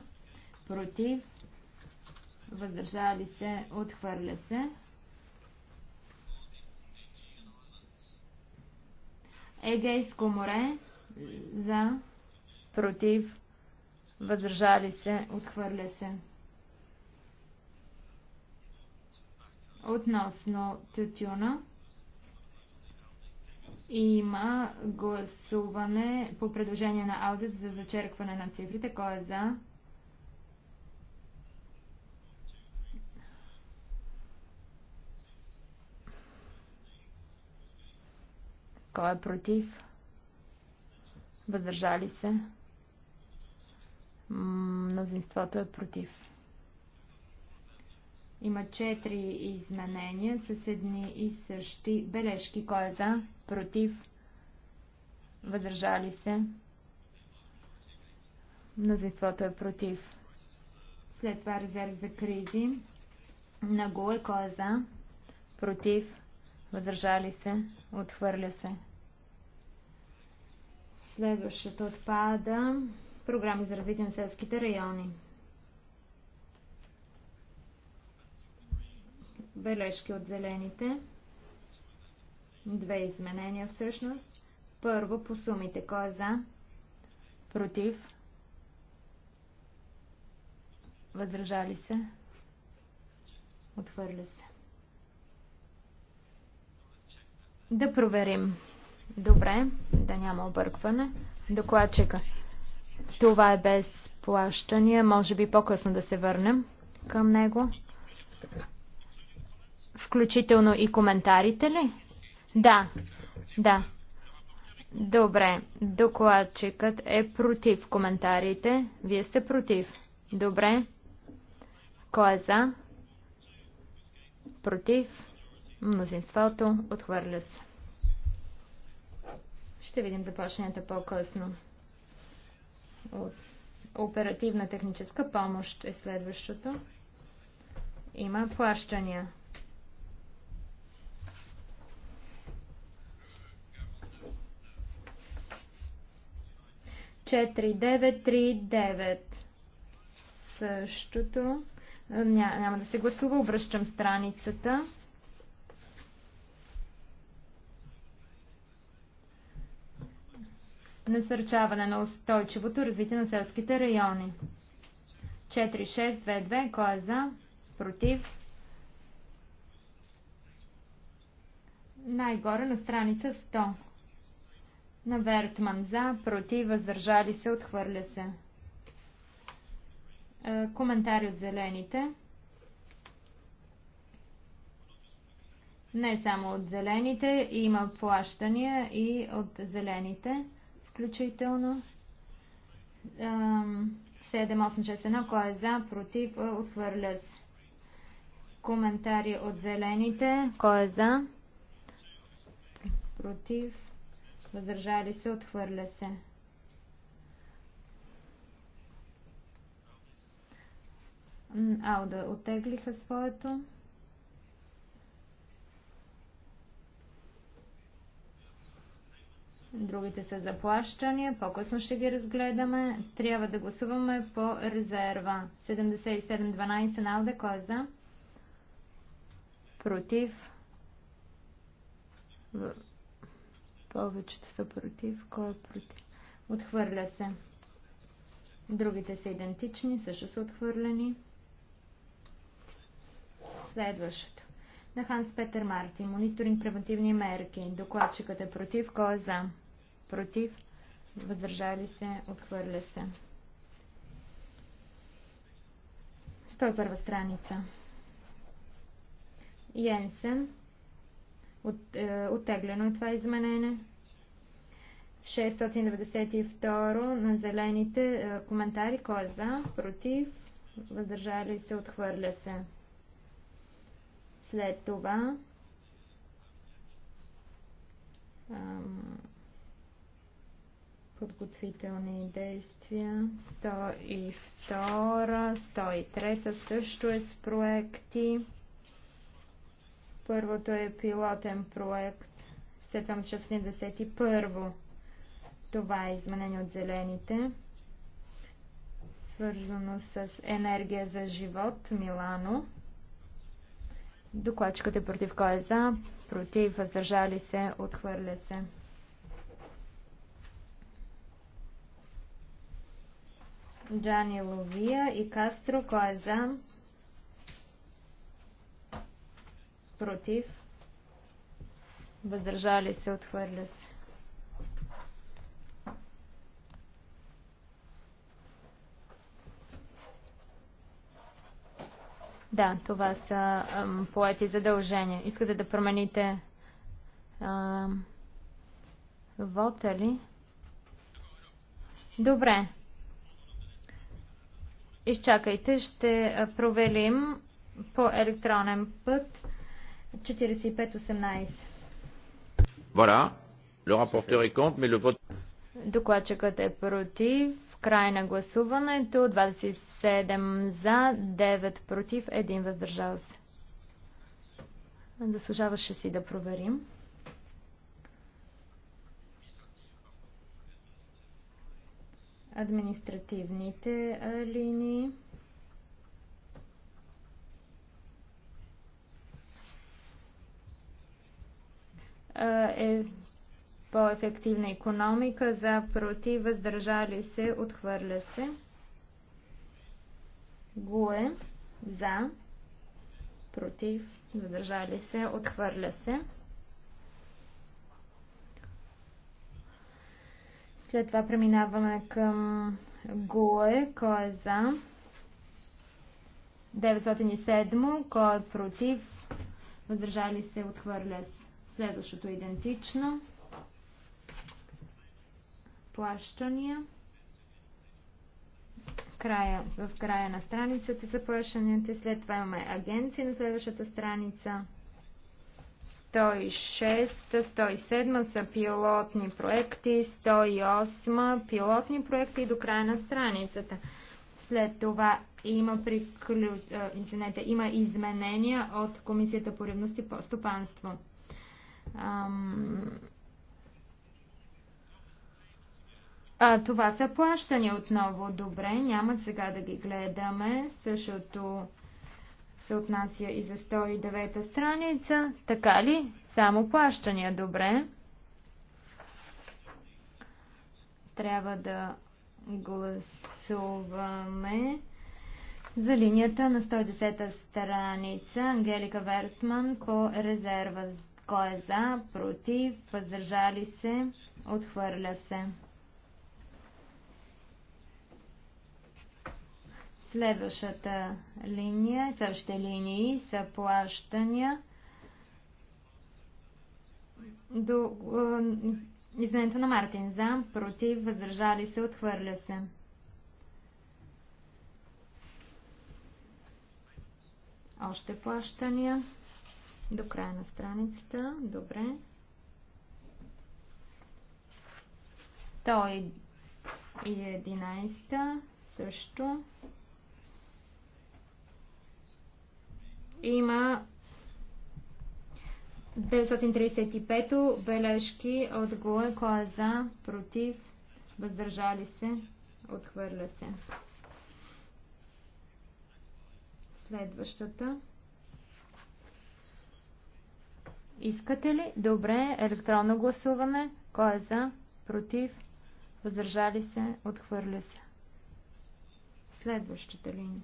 Против? Въздържали се? Отхвърля се. Егейско море за против въздържали се, отхвърля се. Относно тютюна има гласуване по предложение на аудит за зачеркване на цифрите. Кой е за? Кой е против? Въздържали се? Мнозинството е против. Има четири изменения с едни и същи бележки. Кой е за? Против? Въздържали се? Мнозинството е против. След това резерв за кризи. На е кой е за? Против? Въздържали се? Отхвърля се. Следващото отпада програми за развитие на селските райони. Бележки от зелените. Две изменения всъщност. Първо по сумите. Кой е за? Против? Въздържали се? Отвърля се. Да проверим. Добре, да няма объркване. Докладчика. Това е без плащания. Може би по-късно да се върнем към него. Включително и коментарите ли? Да, да. Добре, докладчикът е против коментарите. Вие сте против. Добре. Кой е за? Против. Мнозинството отхвърля се. Ще видим започнете по-късно. От Оперативна техническа помощ е следващото. Има плащания. Четири, девет, три, девет. Същото. няма да се гласува. Обръщам страницата. насърчаване на устойчивото развитие на селските райони. 4622, кой е за? Против? Най-горе на страница 100. На Вертман за, против, въздържали се, отхвърля се. Е, коментари от зелените. Не само от зелените, има плащания и от зелените включително. 7861, кой е за, против, е, отхвърля се. Коментари от зелените, кой е за, против, въздържали се, отхвърля се. Ауда оттеглиха своето. Другите са заплащания. По-късно ще ги разгледаме. Трябва да гласуваме по резерва. 77-12 на Алде. Кой е за? Против. Повечето са против. Кой е против? Отхвърля се. Другите са идентични, също са отхвърлени. Следващото. На Ханс Петър Марти. Мониторинг превентивни мерки. Докладчикът е против. Кой е за? против, въздържали се, отхвърля се. 101 страница. Йенсен. От, е, оттеглено е това изменение. 692 на зелените е, коментари. Кой е за? Против? Въздържали се? Отхвърля се. След това подготвителни действия. 102, 103 също е с проекти. Първото е пилотен проект 771. Това е изменение от зелените, свързано с енергия за живот Милано. Докладчикът е против кой е за, против, въздържали се, отхвърля се. Джани Ловия и Кастро. Кой е за? Против. Въздържали се, отхвърля се. Да, това са ам, поети задължения. Искате да промените ам, вота ли? Добре. Изчакайте, ще проверим по електронен път 4518. Voilà. Le rapporteur est contre, mais le vote... Докладчикът е против. Край на гласуването. 27 за, 9 против, 1 въздържал се. Заслужаваше си да проверим. административните линии. е по-ефективна економика, за против, въздържали се, отхвърля се. Гуе, за, против, въздържали се, отхвърля се. След това преминаваме към ГУЕ, кой е за. 907, кой е против. Въздържали се, отхвърля Следващото идентично. Плащания. Края, в края на страницата за плащанията. След това имаме агенции на следващата страница. 106, 107 са пилотни проекти, 108 пилотни проекти и до края на страницата. След това има, приклю... Извинете, има изменения от Комисията по ревност и стопанство. Ам... А, това са плащани отново. Добре, няма сега да ги гледаме. Същото се отнася и за 109-та страница. Така ли? Само плащания. Добре. Трябва да гласуваме за линията на 110-та страница. Ангелика Вертман по резерва. Кой е за? Против? Въздържали се? Отхвърля се. Следващата линия, същите линии са плащания до е, изменето на Мартин за, против, въздържали се, отхвърля се. Още плащания до края на страницата. Добре. 111 също. Има 935 бележки от Гуе, кой е за, против, въздържали се, отхвърля се. Следващата. Искате ли? Добре, електронно гласуване. Кой е за, против, въздържали се, отхвърля се. Следващата линия.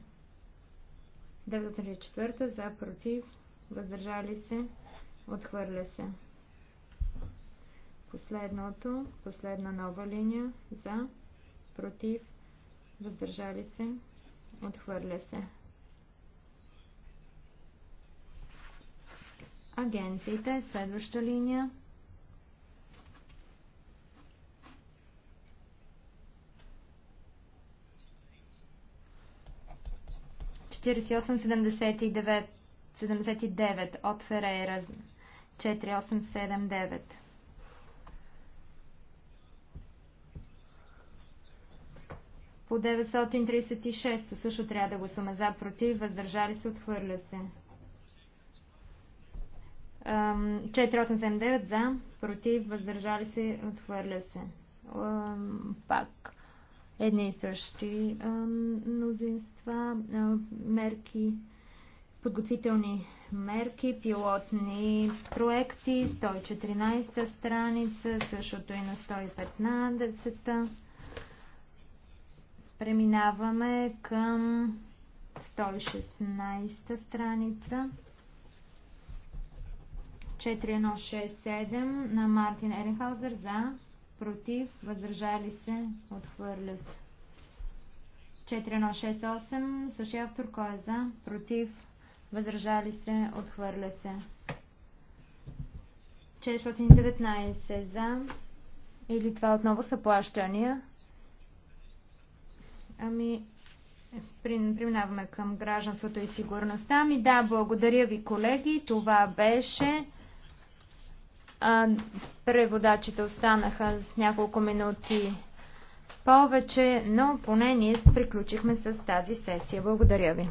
94 за против, въздържали се, отхвърля се. Последното, последна нова линия за против, въздържали се, отхвърля се. Агенциите, следваща линия 4879 от Ферейра 4879. По 936 също трябва да гласуваме за, против, въздържали се, отхвърля се. 4879 за, против, въздържали се, отхвърля се. Пак едни и същи мнозинства, мерки, подготвителни мерки, пилотни проекти, 114 страница, същото и на 115. -та. Преминаваме към 116 страница. 4167 на Мартин Еренхаузер за против, въздържали се, отхвърля се. 4168, същия автор, кой е за, против, въздържали се, отхвърля се. 419 за, или това отново са плащания. Ами, преминаваме към гражданството и сигурността. Ами да, благодаря ви, колеги. Това беше а, преводачите останаха с няколко минути повече, но поне ние приключихме с тази сесия. Благодаря ви.